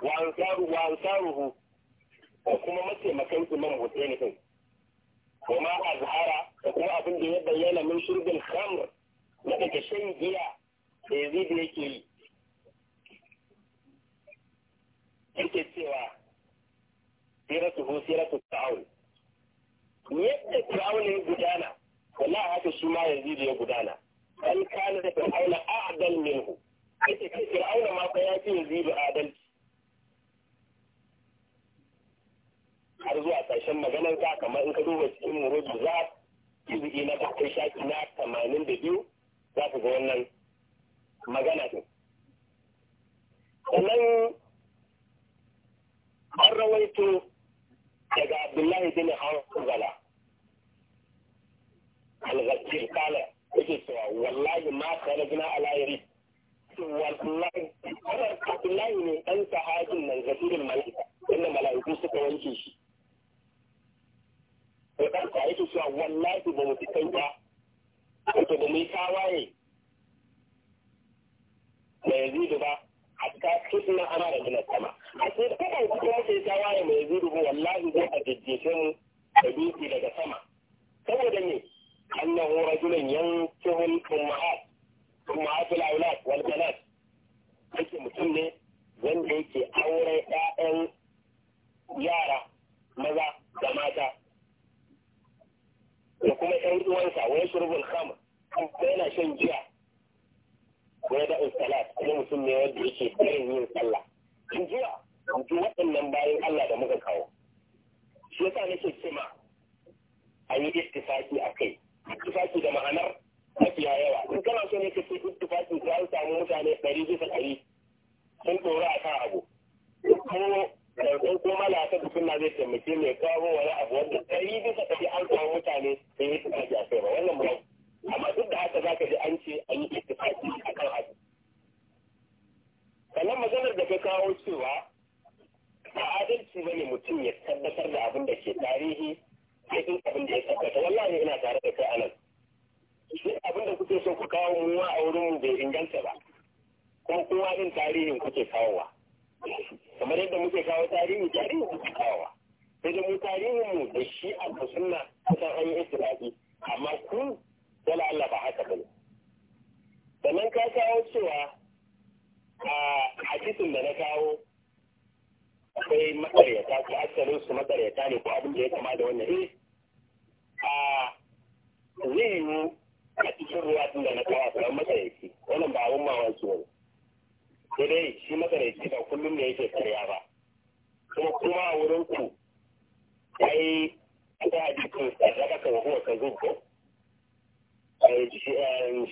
[SPEAKER 2] wa ansaru wa ansaruhu da kuma mataimakan imam Hussein kai kuma azhara da kuma abin da ya bayyana min shirgin khamr daga shan giya da yanzu da yake yi yake cewa siratu ko su fir'aun yadda fir'aun ya gudana wallahi haka shi ma yanzu da ya gudana an kana da fir'auna a'dal minhu yake ce fir'auna ma fa ya fi yanzu da adalci har zuwa ƙarshen maganar ka kamar in ka duba cikin murudu za izi na bakwai shafi na tamanin da za ku ga wannan magana ne sannan an rawaito daga abdullahi bin hanzala al ghazir kala yake cewa wallahi ma kharajna ala alayari. wallahi wannan abdullahi ne ɗan sahabin nan gafirin mala'ika inda mala'iku suka wanke shi to dan sa yake cewa wallahi ba mu kai ba wato da mai yi tawaye mai yazidu ba a cikin na ana da gina sama a cikin kakan kuma muka yi tawaye mai yazidu ba wallahi zai a jejjefe mu da dutse daga sama saboda me annahu rajulan yan ummahat ummahatul aulad wal banat yake mutum ne wanda yake aure ƴaƴan yara maza da mata da kuma ƴan uwansa wani shurbul khamr yana shan giya wai da salat kuma mutum ne wanda yake barin yin sallah in jiya in ji waɗannan bayan Allah da muka kawo shi yasa nake cewa a yi ittifaki a kai ittifaki da ma'anar mafiya yawa in kana so ne ka ce ittifaki ka an samu mutane ɗari bisa ɗari sun tsoro a kan abu ko ɗaukan ko malaka da suna zai taimake mai kawo wani abu wanda ɗari bisa ɗari an samu mutane sun yi ittifaki a kai ba wannan ba amma duk da haka za ka ji an ce an yi ittifaqi a kan abu sannan maganar da ka kawo cewa ba adalci ba ne mutum ya tabbatar da abin da ke tarihi sai duk abin da ya tabbata wallahi ina tare da kai anan duk abin da kuke so ku kawo mu a wurin mu bai inganta ba kuma kowa din tarihin kuke kawowa kamar yadda muke kawo tarihi tarihin kuke kawowa sai da mu tarihin mu da shi a sunna kusan an yi ittifaqi amma ku wala Allah ba haka bane sannan ka kawo cewa a hadisin da na kawo akwai matsaryata ko asalin su matsaryata ne ko abin da ya kama da wannan eh a zai yiwu a cikin ruwa tun da na kawo a samu matsaryaci wannan ba abin mamaki wani ko dai shi matsaryaci ba kullum da yake karya ba kuma kuma a wurin ku ai ta hadisin sadaka kan huwa ka zuwa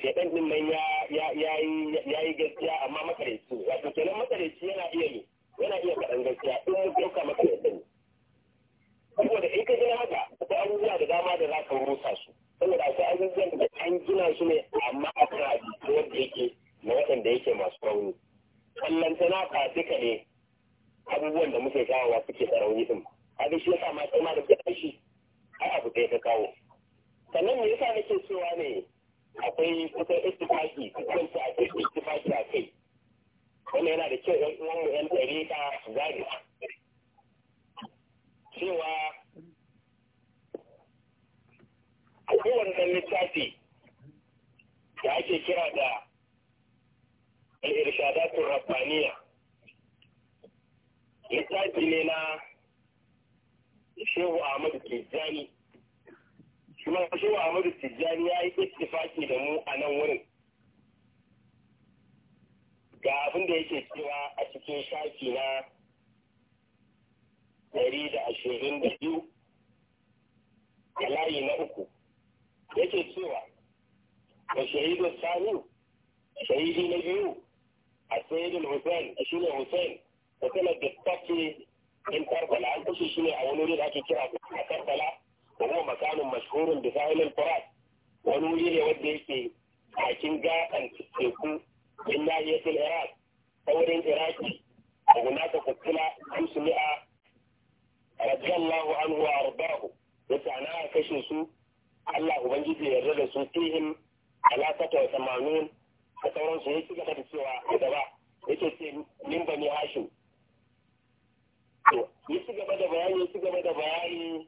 [SPEAKER 2] shedan ɗin nan ya yi gaskiya amma makareci wato kenan makareci yana iya ne yana iya faɗan gaskiya in mu ɗauka maka ne saboda in ka gina haka akwai abubuwa da dama da za ka rusa su saboda akwai abubuwan da an gina su ne amma a kan abinci wanda yake na waɗanda yake masu rauni kallantana ba duka ne abubuwan da muke kawowa suke da rauni din abin shi ya sa ma sai ma da ta a abu ɗaya ta kawo sannan me yasa nake cewa ne akwai kusa istifaki kusan ta ake istifaki a kai wannan yana da kyau yan uwan mu yan tsari su gane cewa a kowane ɗan littafi da ake kira da al tun rabbaniya littafi ne na shehu ahmadu tijjani kuma shi wa Ahmadu Tijjani ya yi ittifaki da mu a nan wurin ga abin da yake cewa a cikin shafi na ɗari da ashirin da biyu a layi na uku yake cewa da shahidun sani shahidi na biyu a sayidin hussein shi ne hussein da sanar da tafi in karbala an kashe shi ne a wani wuri da ake kira a karbala wa huwa makanun mashhurun bi sahilil wani wuri ne wanda yake bakin gaɗan teku min nahiyatul iraq ta wurin iraki wa hunaka qutila hamsumi'a radiyallahu anhu wa ardahu yace ana kashe su Allah ubangiji ya yarda da su fihim alaqata wa samanun da ya ci gaba cewa a gaba yake ce min bani hashim to ci gaba da bayani ci gaba da bayani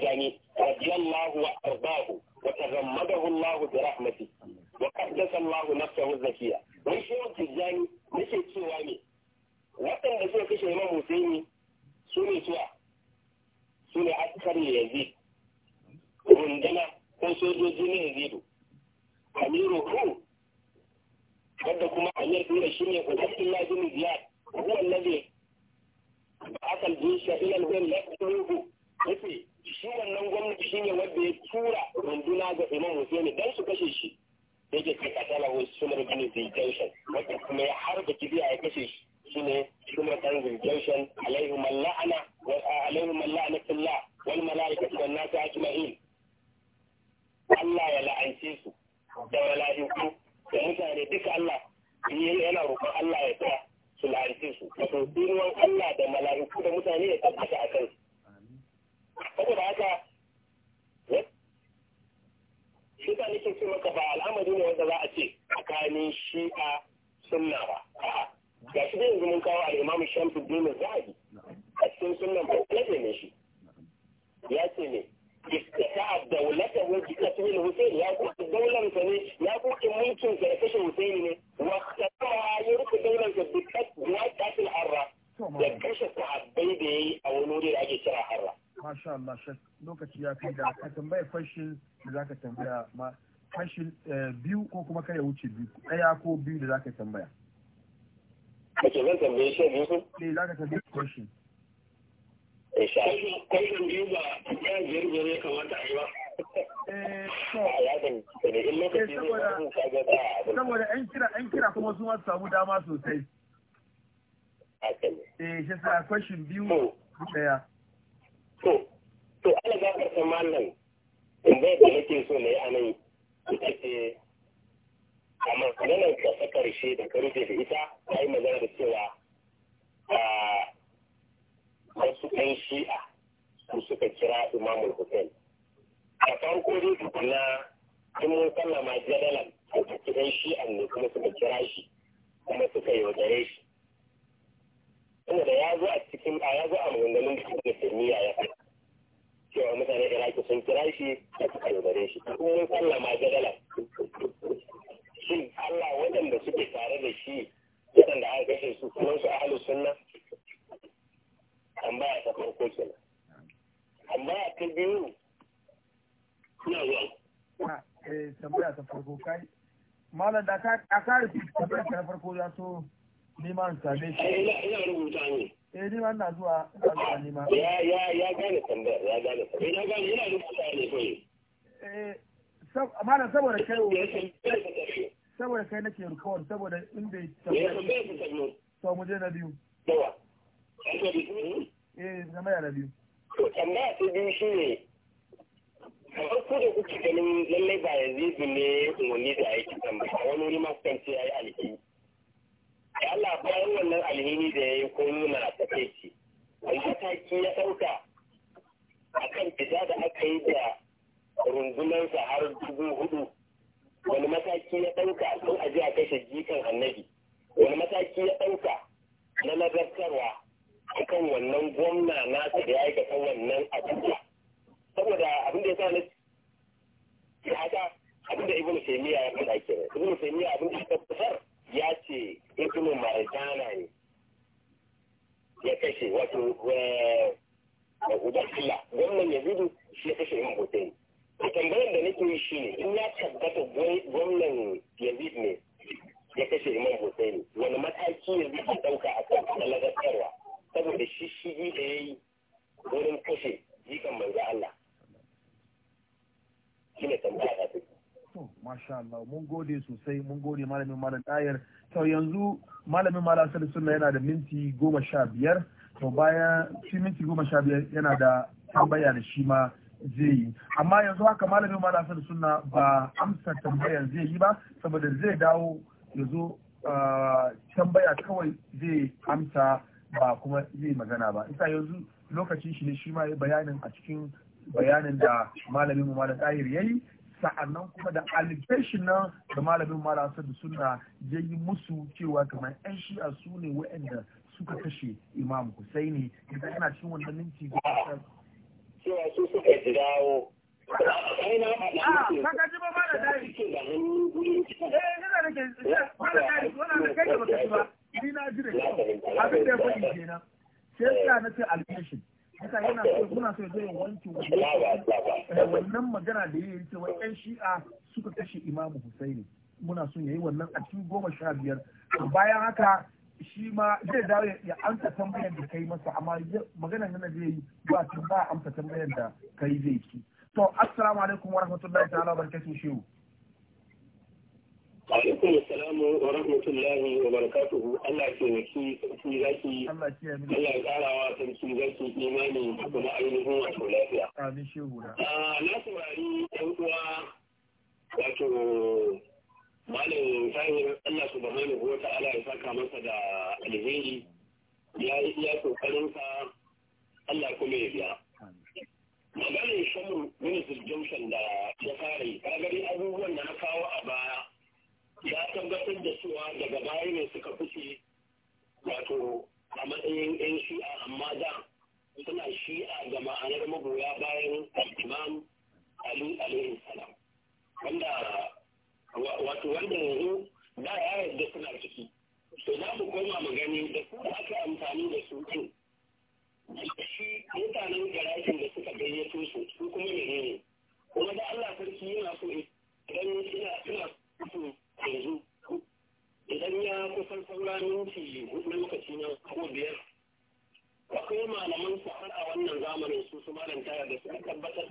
[SPEAKER 2] يعني رضي الله وأرضاه وتغمده الله برحمته وقدس الله نفسه الزكية ويشير تجاني نشي تسواني وقت الرسول كشي إمام حسيني سوني سوا سوني أكثر يزيد رندنا وسوجو جيني يزيد أميره wadda kuma amir dole shi ne kudin illa bin ziyar huwa allazi akal jisha ila al-ghayr la yakunu tura runduna ga Imam Hussein dan su kashe shi yake kai katala wa sumar bin Zaitun wanda kuma ya harba kibiya ya kashe shi
[SPEAKER 1] kai da ka tambaya fashin da tambaya ma fashin eh, biyu ko kuma kare wuce biyu daya ko biyu da zaka tambaya.
[SPEAKER 2] Kace zan tambaye shi biyu su? Ne eh, za ka tambaye fashin. Eh, Kwallon biyu ba ya jirgin ya kamata a yi ba. Saboda
[SPEAKER 1] ‘yan kira kuma su masu samu dama sosai. Eh, shi sa kwashin biyu ɗaya.
[SPEAKER 2] to ala mallan mallam ba da nake so na yi a nan ita ce a maganar ka ta karshe da ka rufe da ita a yi magana da cewa wasu ɗan shi'a su suka kira imamul hussein a farko dai tukuna in mun sallama jadalan a cikin shi'an ne kuma suka kira shi kuma suka dare shi Ina da ya zo a cikin a ya zo a maganganun da suka ya fi cewa mutane da iraki sun kira shi da suka yaudare shi kuma mun jadala shin allah waɗanda suke tare da shi waɗanda aka kashe su kuma su ahalu sunna tambaya ta farko kenan tambaya ta biyu suna zuwa
[SPEAKER 1] ah, eh, tambaya ta farko kai malam da ka ka rufe tambaya ta farko ya so neman same shi eh, ina
[SPEAKER 2] rubuta ne
[SPEAKER 1] eh ni na zuwa ina zuwa ne ma ya ya ya gane
[SPEAKER 2] tambayar ya gane tambayar ina eh, gane ina rubuta ne kai
[SPEAKER 1] eh sab amana saboda
[SPEAKER 2] kai
[SPEAKER 1] saboda kai nake rukawar saboda in bai tambayar to mu je na biyu
[SPEAKER 2] eh zama na biyu to tambaya ta biyu shine kamar ku da kuke ganin lallai ba yanzu ne umarni da aiki tambaya wani wuri ma kan ce yayi alƙi da Allah bayan wannan alhini da ya yi ko nuna takaici wani mataki ya ɗauka a kan fita da aka yi da rundunansa har dubu hudu wani mataki ya ɗauka don a ji a kashe jikan annabi wani mataki ya ɗauka na nazartarwa a kan wannan gwamna nasa da ya aikata wannan abuja saboda abin da ya sa na ya haka abin da ibn taymiya ya faɗa kenan ibn taymiya abin da ya tabbatar ya ce ibnu marzana ne ya kashe wato eh, da gwamnan ya yazidu shi ya kashe yin hotel a tambayar da nake yi shi ne in ya tabbata gwamnan yazid ne ya kashe imam hussein wani mataki ya ya dauka a kan lalatarwa saboda shi shi yi da ya yi wurin kashe jikan manzo Allah shi ne tambaya ta to
[SPEAKER 1] masha Allah mun gode sosai mun gode malamin malam ɗayar to yanzu malamin malam asali sunna yana da minti goma sha biyar to bayan shi minti goma sha biyar yana da tambaya da shi ma zai yi amma yanzu haka malamin malam asali sunna ba amsa tambayan zai yi ba saboda zai dawo yanzu tambaya kawai zai amsa ba kuma zai magana ba isa yanzu lokacin shi ne shi ma bayanin a cikin bayanin da malamin mu malam ɗayar ya yi sa'annan kuma da allocation nan da malamin marasa da suna ya yi musu cewa kamar yan shi'a su ne wa'anda suka kashe imam husaini idan ana cin wannan minti da kasar
[SPEAKER 2] cewa su suka dawo Kaka ah, ji ba da dari. Eh, nuna da ke mara eh, dari, wannan da kai da baka ci ba,
[SPEAKER 1] ni na ji da kyau. Abin da ya faɗi kenan. Sai ya na ce allocation. haka yana so suna so zai
[SPEAKER 2] wanke eh,
[SPEAKER 1] wannan magana da yayi ce wai ƴan shi'a suka kashe imamu husaini muna son yayi wannan a cikin goma sha biyar bayan haka shi ma zai dawo ya amsa tambayar da kai masa amma magana nan da yi ba ta ba amsa tambayar da kai zai ci to assalamu alaikum wa rahmatullahi ta'ala wa barakatuhu shehu
[SPEAKER 2] alaikum salamu wa rahmatullahi wa barakatuhu Allah ke waki sarki zaki Allah ya wa sarki zaki imani da kuma ainihin wato lafiya
[SPEAKER 1] amin shi guda ah, na
[SPEAKER 2] saurari ɗan uwa wato malam tahir Allah subhanahu wa ta'ala ya saka masa da alheri ya yi iya kokarin sa Allah kuma ya biya maganin shamu min zuljaushan da ya fara yi kagari abubuwan da na kawo a baya ya tabbatar da cewa daga baya ne suka fice wato a matsayin 'yan shi'a amma da suna shi'a ga ma'anar magoya bayan imam ali alaihi salam wanda wato wanda yanzu da ya yarda suna ciki to za mu koma magani da su da aka amfani da su da shi mutanen garajin da suka gayyato malam ta da su tabbatar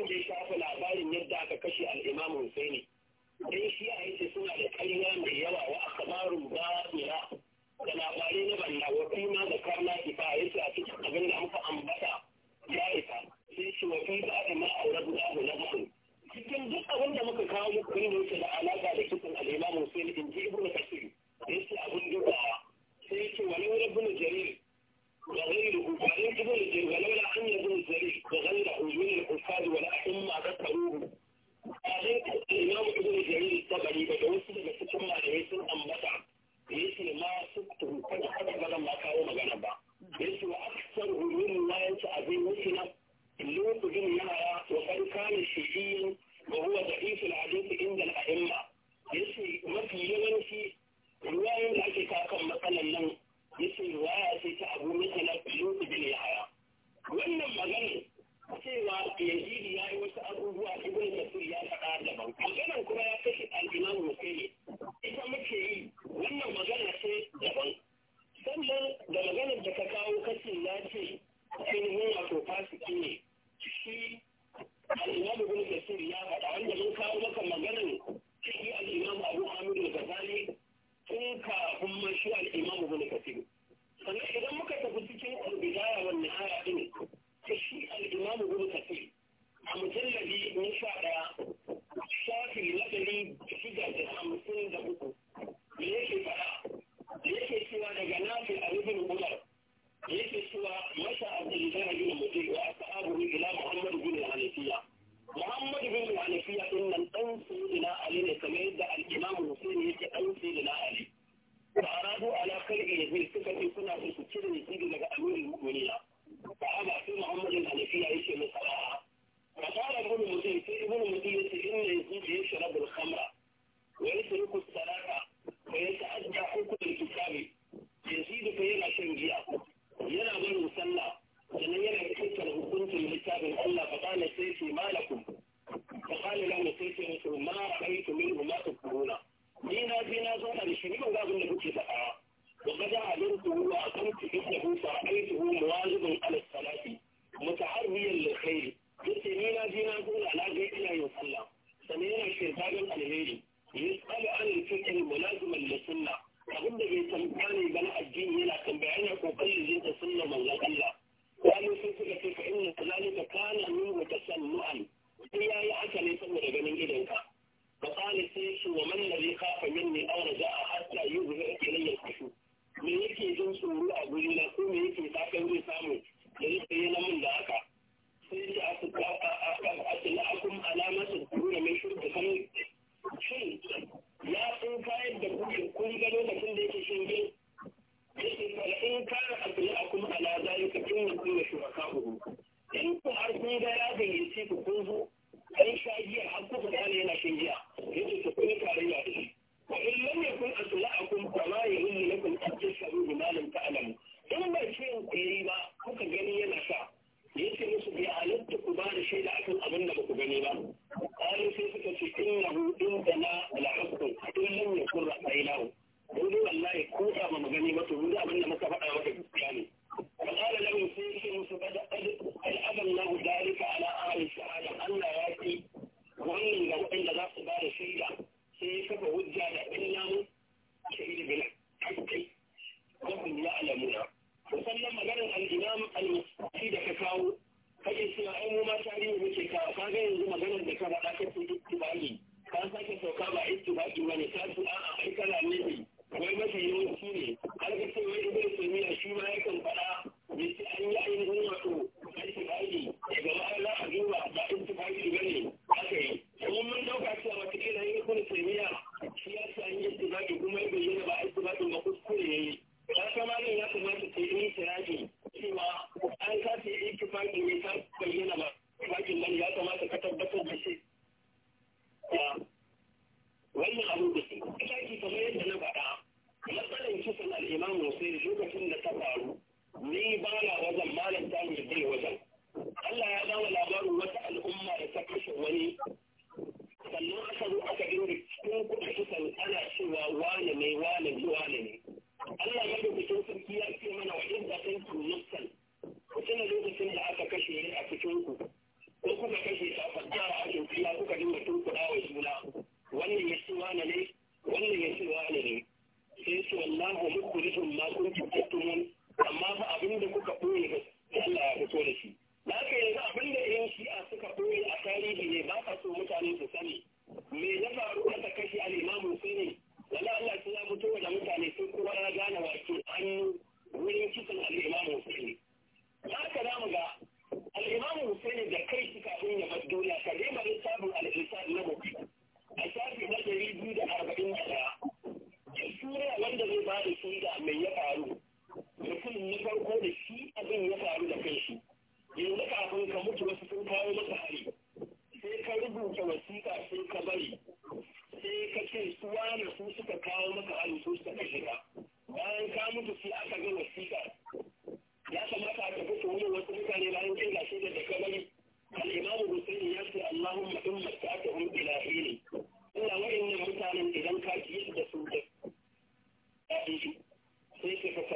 [SPEAKER 2] abin da ya shafa labarin yadda aka kashe al'imamu Husaini. Dai shi a yace suna da ƙarya ne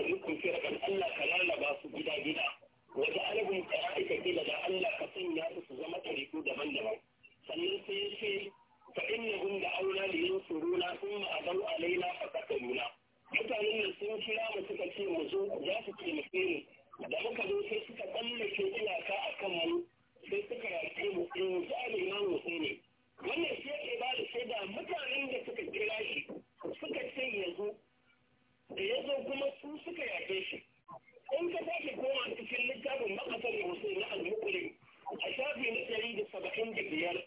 [SPEAKER 2] firqun firqan Allah ka lalaba su gida gida wa ja'alhum qara'ika kila da Allah ka sanya su su zama tariku daban-daban sannan sai ya ce fa innahum da aula li yansuruna thumma adaw alaina fa qataluna mutanen nan sun kira mu suka ce mu zo za su taimake mu da muka zo sai suka tsallake iyaka akan mu sai suka yaƙe mu in mu ne wannan shi ya ba da shaida mutanen da suka kira shi suka ce yanzu da ya zo kuma su suka yaƙe shi in ka sake koma cikin littafin makasar hussein na al-mukuli a shafi na ɗari da saba'in da biyar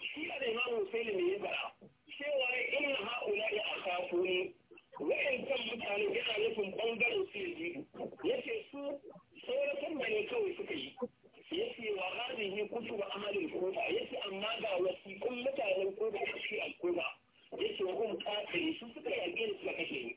[SPEAKER 2] shi a da hussein ne ya bara cewa inna ha'ula ya wa'in kan mutane yana nufin ɓangaren su ya yaji ya ce su sauratan da ne kawai suka yi ya ce wa hadihi ba amalin kufa ya ce amma ga wasiƙun mutanen kufa a cikin al-kufa ya ce wa hum ne su suka yaƙe su suka kashe ni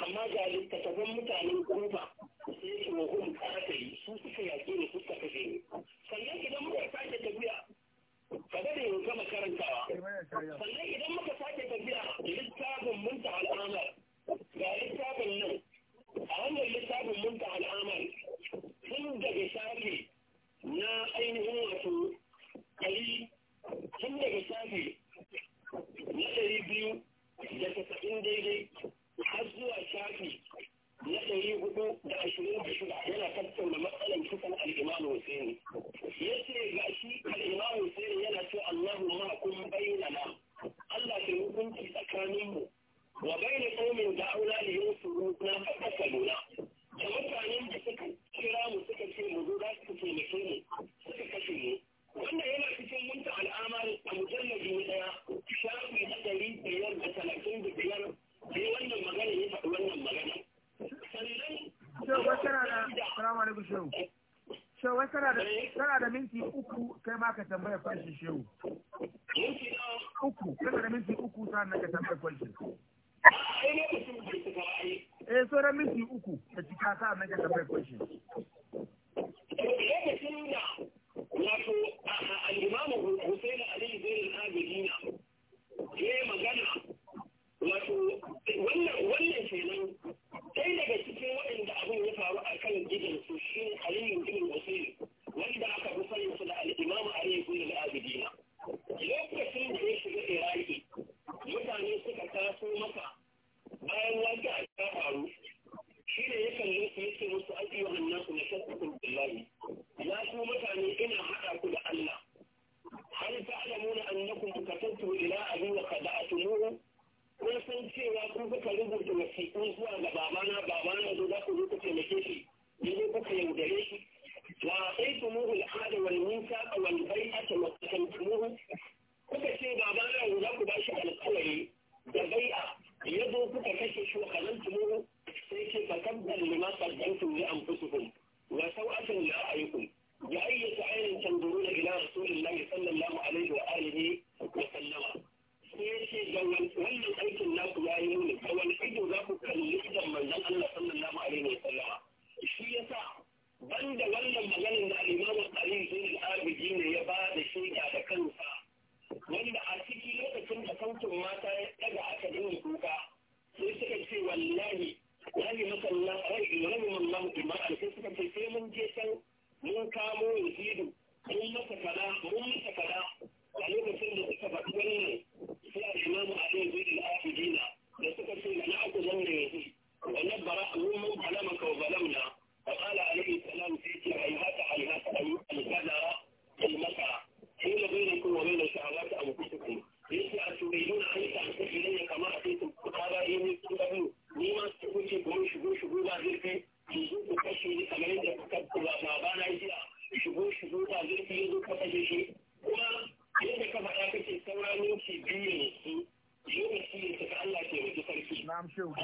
[SPEAKER 2] amma ga littattafan mutanen guba sai su wahun kata yi su suka yaƙi ne suka kashe ne sannan idan muka sake tafiya kada da yau gama karantawa sannan idan muka sake tafiya littafin munta al'amar ga littafin nan a wannan littafin munta al'amar tun daga shafi na ainihin wato ɗari tun daga shafi na ɗari biyu da tasa'in daidai har zuwa shafi na ɗari hudu da ashirin da shida yana tattauna matsalar kisan al'imamu Hussein. Ya ce ga shi al'imamu Hussein yana ce Allahu ma kun bayyana Allah ke hukunci tsakaninmu. Wa bayyana tsomin da aula da yin suru na faɗa lura. Da mutanen da suka kira mu suka ce mu zo za su taimake mu suka kashe mu. Wannan yana cikin munta al'amari a mujallabi na ɗaya shafi na ɗari biyar da talatin da biyar yi wannan magana ya wannan magana
[SPEAKER 1] tana eh. da minti uku kai ma ka tambaya kwashi shehu uku tana da minti uku sannan ka tambaya kwashi eh sauran minti uku da cika sannan ka tambaya kwashi
[SPEAKER 2] lokacin da wato al'imamu Hussein Ali Zainal Abidina ya yi magana wato wannan wannan kenan sai daga cikin waɗanda abin ya faru a kan su shi aliyu ibn usayd wanda aka fi sanin su da al-imam ali ibn abidina lokacin da ya shiga iraki sure.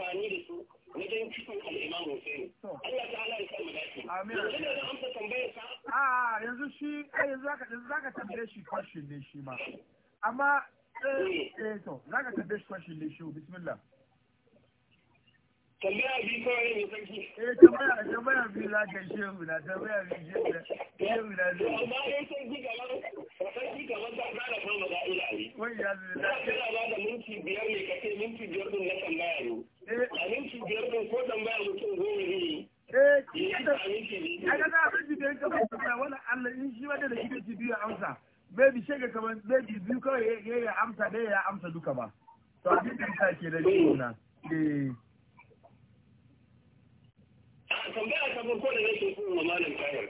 [SPEAKER 2] amfani da su na wajen kisan al'imam Hussein. Allah ta halar ya sa mu dace. Amin. Yanzu da amsa tambayar sa.
[SPEAKER 1] A yanzu shi a yanzu zaka yanzu zaka tambaye shi question ne shi ma. Amma eh mm. eh to zaka tambaye shi question ne shi bismillah. tambaya
[SPEAKER 2] bi kawai ne sarki
[SPEAKER 1] eh tambaya tambaya bi za ka shi mu na tambaya bi shi da shi mu na da amma dai
[SPEAKER 2] sarki kamar sarki kamar ta fara fama da ila ne wai ya zai da kana ba da minti biyar ne kace minti biyar din na tambaya ne eh. a minti biyar din ko tambaya mutum goma ne Eh, ya ga za a fi
[SPEAKER 1] bidiyon kamar tambaya wani Allah in shi wadda da shi da biyu amsa. Baby shega kamar baby biyu kawai ya amsa dai ya amsa duka ba. To abin da ya ke da shi na.
[SPEAKER 2] Eh. tambaya ta farko da nake so wa malam tayar,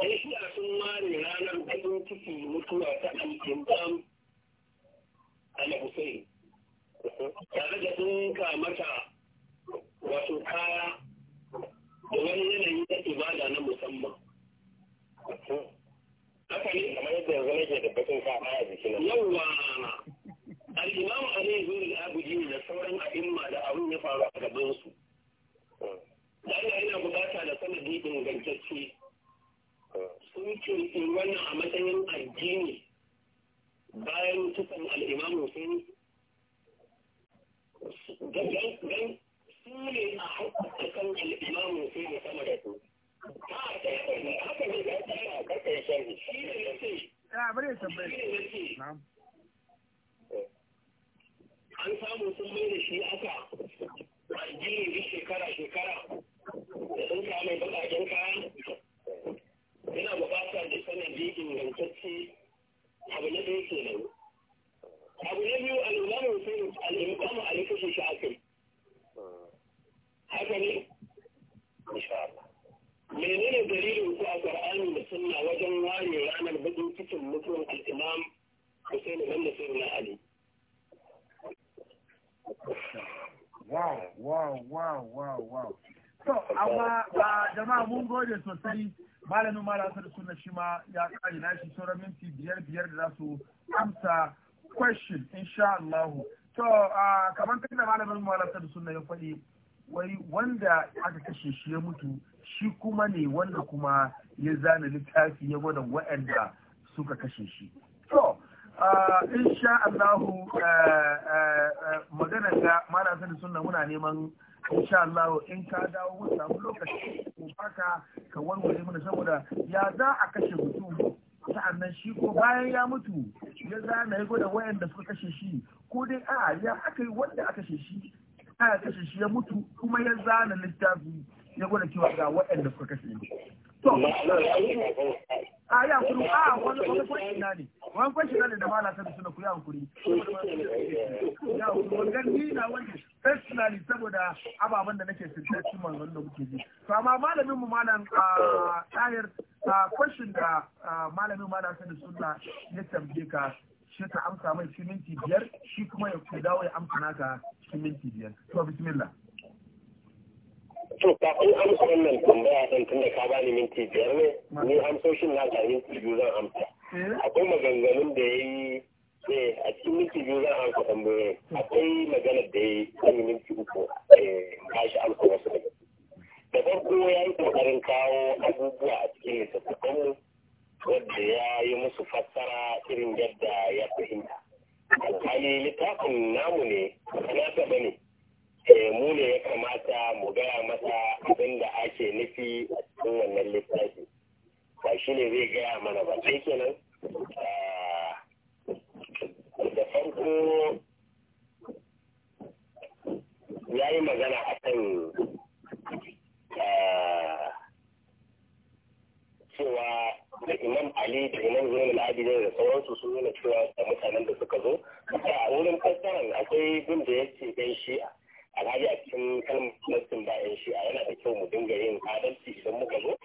[SPEAKER 2] ai shi a sun mare ranar bakin ciki mutuwa ta al-imam al-husayn tare da dinka mata wato kaya da wani yanayi na ibada na musamman haka ne kamar yadda yanzu nake da bakin kaya a jikin yawwa al-imam alayhi wa abuji da sauran a'imma da abin ya faru a gabansu Allah yana bukata da sanadi ingantacce sun in wannan a matsayin addini bayan kisan al'imamu sun gangan su ne a haƙaƙaƙan al'imamu sun da sama da su. Haka ne za ta a ƙarƙar shari. Shi shi ne ya ce, an samu sun mai da shi aka addini duk shekara shekara da sun samu bakakin kayan yana bukatar da sanadi ingantacce abu na ɗaya ke nan abu na biyu al'imamu sun al'imamu a rikishi shi akai haka ne menene dalilin ku a ƙar'ani da sunna wajen ware ranar bakin cikin mutuwar al'imam Hussein bin Nasir na Ali wow
[SPEAKER 1] wow wow wow wow to amma jama'a mun gode sosai malamin malam asar suna shi ma ya kare nashi sauran minti biyar biyar da za su amsa question insha Allah to kamar kan da malamin malam asar suna ya faɗi wai wanda aka kashe shi ya mutu shi kuma ne wanda kuma ya zana littafi ya gwada wa'anda suka kashe shi Ah, insha Allah eh, eh, eh, magana ga mana sani sunna muna neman insha Allah in ka dawo mun samu lokaci ko baka ka warware mana saboda ya za a kashe mutum sa'annan shi ko bayan ya mutu ya zana ya gwada wayanda suka kashe shi ko dai a ya aka yi wanda aka kashe shi aka kashe shi ya mutu kuma ya zana littafi ya gwada cewa ga wayanda suka kashe shi to a ya kuru a wani wani ina ne wani fashi ne da mala sabi suna kuya hankuri ya wangan ni na wani personally saboda ababen da nake sintaci manzon da muke ji to amma malamin mu malam ah, tahir question ah, da ah, malamin mala sabi suna ya tambaye ka shi ta amsa mai cikin biyar shi kuma ya dawo ya amsa naka cikin minti biyar to bismillah
[SPEAKER 2] to kafin amsa wannan tambaya ɗin tun da ka bani minti biyar ne ni amsoshin na ta minti biyu zan amsa Mm-hmm. akwai maganganun da ya yi eh, a cikin minti biyu za a hanka tambayoyin mm-hmm. akwai maganar da ya yi kan minti uku eh, ba shi amsa wasu daga da farko ya yi kokarin kawo abubuwa a cikin littattafanmu wadda ya yi musu fassara irin yadda ya fahimta alhali littafin namu ne na taba ne eh, mu ne ya kamata mu gaya masa abin da ake nufi a cikin wannan littafi ba shi ne zai gaya mana ba sai kenan da farko ya yi magana a kan cewa imam ali da imam zuwa al'adidai da sauransu sun nuna cewa da mutanen da suka zo a wurin fassarar akwai bin da ya ce ɗan shi'a a cikin kalmar ba shi'a yana da kyau mu dinga yin adalci idan muka zo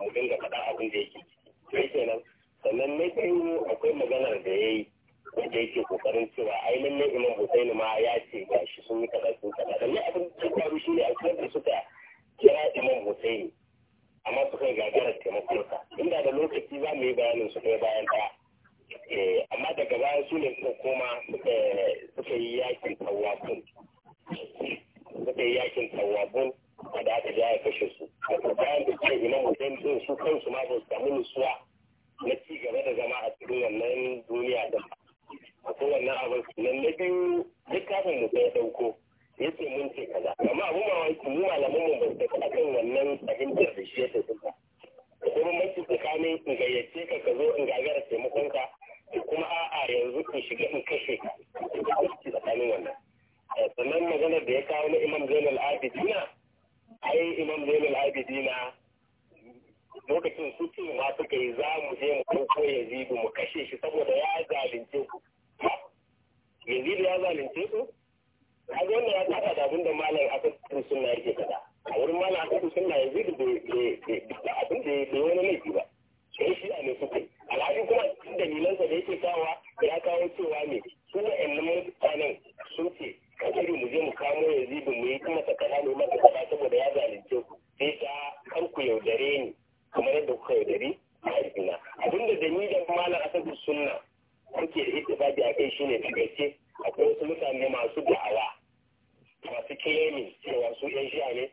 [SPEAKER 2] mu dinga faɗa abin da yake sai kenan sannan na biyu akwai maganar da ya yi wanda yake kokarin cewa ai lalle imam husaini ma ya ce ga shi sun yi kaza sun kaza lalle abin da ya faru shi ne a kan da suka kira imam husaini amma suka yi gagarar taimakonsa inda da lokaci za mu yi bayanin su ɗaya bayan ɗaya eh, amma daga baya su ne suka koma suka yi yakin tawafun suka yi yakin a da aka ja ya kashe su bayan da suka imam husaini sun su kansu ma ba su samu nutsuwa na ci gaba da zama a cikin wannan duniya da kuma wannan abin sannan na biyu littafin mu sai dauko ya ce mun ce kaza amma abin mamaki mu malamin mu bai tafi akan wannan fahimtar da shi ya tafi ba kuma mace tsakanin in gayyace ka ka zo in gagara taimakon ka kuma a'a yanzu in shiga in kashe ka tsakanin wannan eh, sannan maganar da ya kawo na imam zainal abidina ai imam zainal abidina lokacin su ce ma suka yi za mu je mu ko yazidu mu kashe shi saboda ya zalunce ku yazidu ya zalunce ku Ka ga wannan ya tsada da abin da malam akasin suna yake faɗa a wurin malam suna ya yazidu da abin da ya wani laifi ba sai shi ne suka yi alhaji kuma dalilansa da yake kawa ya kawo cewa ne su wa'annan mutanen sun ce kakari mu je mu kamo yazidu mu yi kuma sakana ne masa kaza saboda ya zalunce ku sai ta kan ku yaudare ni kamar yadda kuka yi gari mahaifina abinda da ni da a asabin sunna kuke da fadi a kai shine da gaske akwai wasu mutane masu da'awa masu kiremi cewa su yan shi'a ne